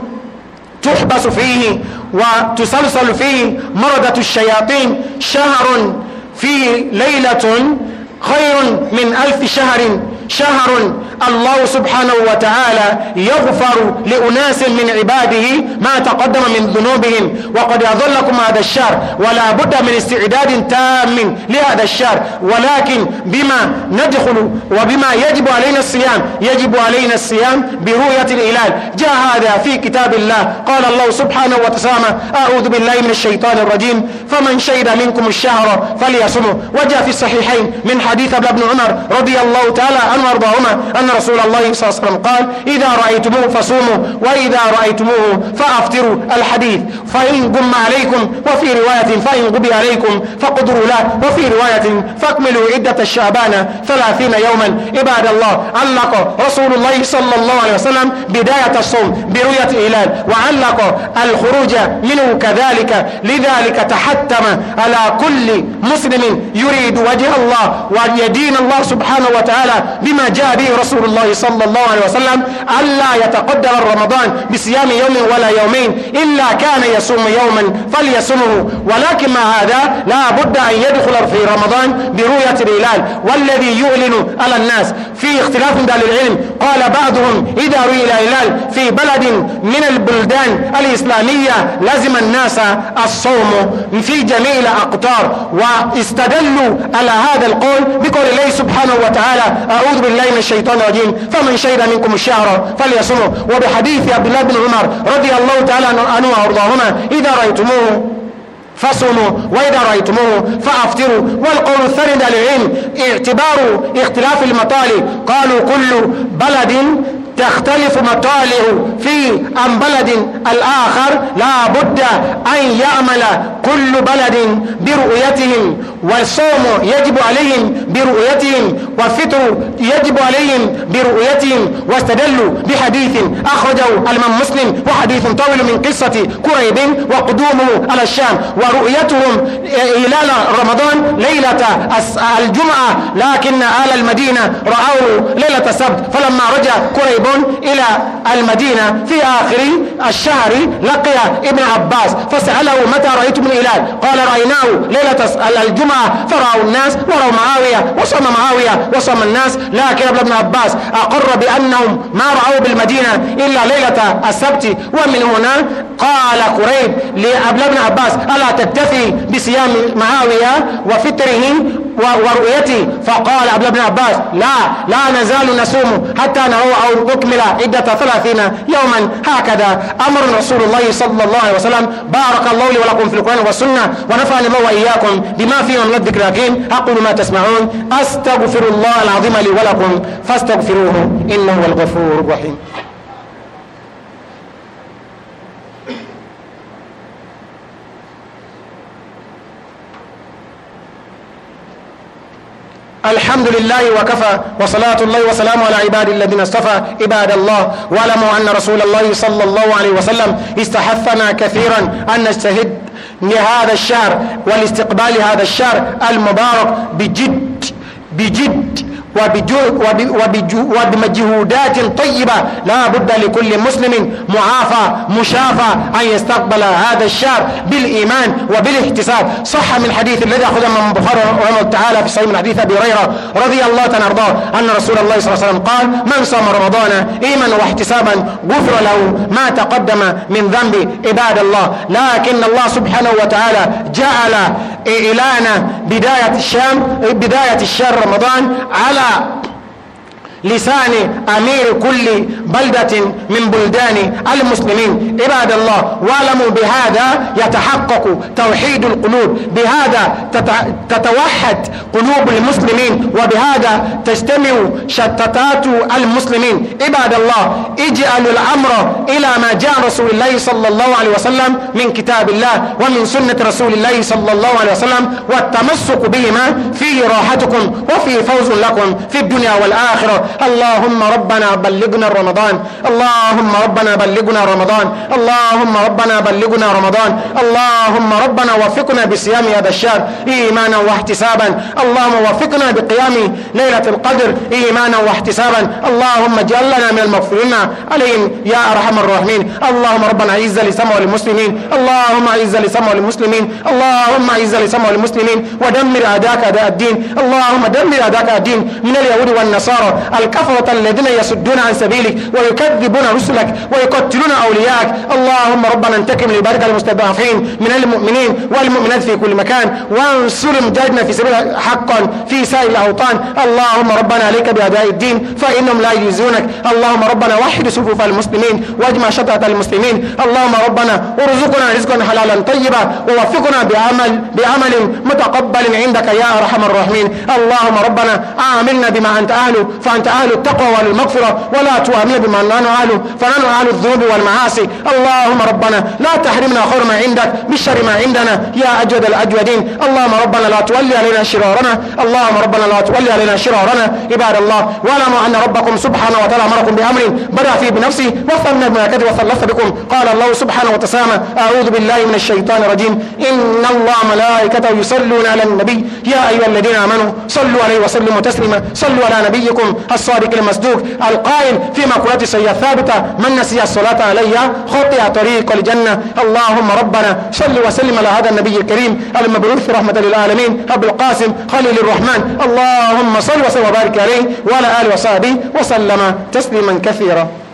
تحبس فيه وتسلسل فيه مرضة الشياطين شهر فيه ليلة خير من ألف شهر شهر الله سبحانه وتعالى يغفر لأناس من عباده ما تقدم من ذنوبهم وقد يظلكم هذا الشهر ولا بد من استعداد تام لهذا الشهر ولكن بما ندخل وبما يجب علينا الصيام يجب علينا الصيام برؤية الإلال جاء هذا في كتاب الله قال الله سبحانه وتعالى أعوذ بالله من الشيطان الرجيم فمن شهد منكم الشهر فليصمه وجاء في الصحيحين من حديث ابن عمر رضي الله تعالى عنه وعنهم وارضاهما أن رسول الله صلى الله عليه وسلم قال إذا رأيتموه فصوموا وإذا رأيتموه فأفطروا الحديث فإن قم عليكم وفي رواية فإن قبي عليكم فقدروا له وفي رواية فاكملوا عدة الشعبان ثلاثين يوما عباد الله علق رسول الله صلى الله عليه وسلم بداية الصوم برؤية إلال وعلق الخروج منه كذلك لذلك تحتم على كل مسلم يريد وجه الله وأن يدين الله سبحانه وتعالى بما جاء به رسول الله صلى الله عليه وسلم ألا يتقدر رمضان بصيام يوم ولا يومين إلا كان يصوم يوما فليصمه ولكن مع هذا لا بد أن يدخل في رمضان برؤية الهلال والذي يعلن على الناس في اختلاف دال العلم قال بعضهم إذا رؤي الهلال في بلد من البلدان الإسلامية لزم الناس الصوم في جميع الأقطار واستدلوا على هذا القول بقول الله سبحانه وتعالى أعوذ أعوذ بالله من الشيطان الرجيم فمن شهد منكم الشهر فليصمه وبحديث عبد الله بن عمر رضي الله تعالى عنه وأرضاهما إذا رأيتموه فصوموا وإذا رأيتموه فأفطروا والقول الثاني للعلم اعتبار اختلاف المطالب قالوا كل بلد تختلف مطالعه في عن بلد الآخر لا بد أن يعمل كل بلد برؤيتهم والصوم يجب عليهم برؤيتهم والفطر يجب عليهم برؤيتهم واستدلوا بحديث أخرجه الإمام مسلم وحديث طويل من قصة كريب وقدومه على الشام ورؤيتهم هلال رمضان ليلة الجمعة لكن أهل المدينة رأوا ليلة السبت فلما رجع كريب إلى المدينة في آخر الشهر لقي ابن عباس فسأله متى رأيتم الهلال قال رأيناه ليلة الجمعة فرأوا الناس ورأوا معاوية وصم معاوية وصم الناس لكن ابن عباس أقر بأنهم ما رأوا بالمدينة إلا ليلة السبت ومن هنا قال قريب لابن عباس ألا تكتفي بصيام معاوية وفتره ورؤيته فقال عبد بن عباس لا لا نزال نصوم حتى نروى أو نكمل عدة ثلاثين يوما هكذا أمر رسول الله صلى الله عليه وسلم بارك الله لي ولكم في القرآن والسنة ونفع الله وإياكم بما فيه من الذكر الحكيم أقول ما تسمعون أستغفر الله العظيم لي ولكم فاستغفروه إنه الغفور الرحيم الحمد لله وكفى وصلاة الله وسلامه على عباد الذين اصطفى عباد الله واعلموا أن رسول الله صلى الله عليه وسلم استحثنا كثيرا أن نجتهد لهذا الشهر والاستقبال هذا الشهر المبارك بجد بجد وبمجهودات طيبة لا بد لكل مسلم معافى مشافى أن يستقبل هذا الشهر بالإيمان وبالاحتساب صح من الحديث الذي أخذ من بخاري رحمه تعالى في صحيح من حديث أبي هريرة رضي الله تعالى عنه أن رسول الله صلى الله عليه وسلم قال من صام رمضان إيمانا واحتسابا غفر له ما تقدم من ذنب عباد الله لكن الله سبحانه وتعالى جعل إعلان بداية الشام بداية الشهر رمضان على Bora! لسان أمير كل بلدة من بلدان المسلمين عباد الله واعلموا بهذا يتحقق توحيد القلوب بهذا تتوحد قلوب المسلمين وبهذا تجتمع شتتات المسلمين عباد الله اجعلوا الأمر إلى ما جاء رسول الله صلى الله عليه وسلم من كتاب الله ومن سنة رسول الله صلى الله عليه وسلم والتمسك بهما فيه راحتكم وفيه فوز لكم في الدنيا والآخرة اللهم ربنا بلغنا رمضان اللهم ربنا بلغنا رمضان اللهم ربنا بلغنا رمضان اللهم ربنا وفقنا بصيام هذا الشهر إيمانا واحتسابا اللهم وفقنا بقيام ليلة القدر إيمانا واحتسابا اللهم اجعلنا من المغفورين عليهم يا أرحم الراحمين اللهم ربنا عز لسمع المسلمين اللهم عز لسمع المسلمين اللهم عز لسمع المسلمين ودمر أداك أداء الدين اللهم دمر أداك الدين من اليهود والنصارى الكفرة الذين يصدون عن سبيلك ويكذبون رسلك ويقتلون أولياءك اللهم ربنا انتقم لبارك المستضعفين من المؤمنين والمؤمنات في كل مكان وانصر مجاهدنا في سبيل حقا في سائر الأوطان اللهم ربنا عليك بأداء الدين فإنهم لا يجيزونك اللهم ربنا وحد صفوف المسلمين واجمع شطرة المسلمين اللهم ربنا ارزقنا رزقا حلالا طيبا ووفقنا بعمل, بعمل متقبل عندك يا أرحم الراحمين اللهم ربنا آمنا بما أنت أهله فأنت أهل التقوى والمغفرة ولا تؤمن بما لا أهله فنحن أهل الذنوب والمعاصي اللهم ربنا لا تحرمنا خير ما عندك بالشر ما عندنا يا أجود الأجودين اللهم ربنا لا تولي علينا شرارنا اللهم ربنا لا تولي علينا شرارنا عباد الله واعلموا أن ربكم سبحانه وتعالى أمركم بأمر بدأ فيه بنفسه بما بملائكته وثلث بكم قال الله سبحانه وتعالى أعوذ بالله من الشيطان الرجيم إن الله ملائكته يصلون على النبي يا أيها الذين آمنوا صلوا عليه وسلموا تسليما صلوا على نبيكم الصادق المصدوق القائل في مقولة سيئة ثابتة من نسي الصلاة علي خطئ طريق الجنة اللهم ربنا صل وسلم على هذا النبي الكريم المبعوث رحمة للعالمين أبو القاسم خليل الرحمن اللهم صل وسلم وبارك عليه وعلى آله وصحبه وسلم تسليما كثيرا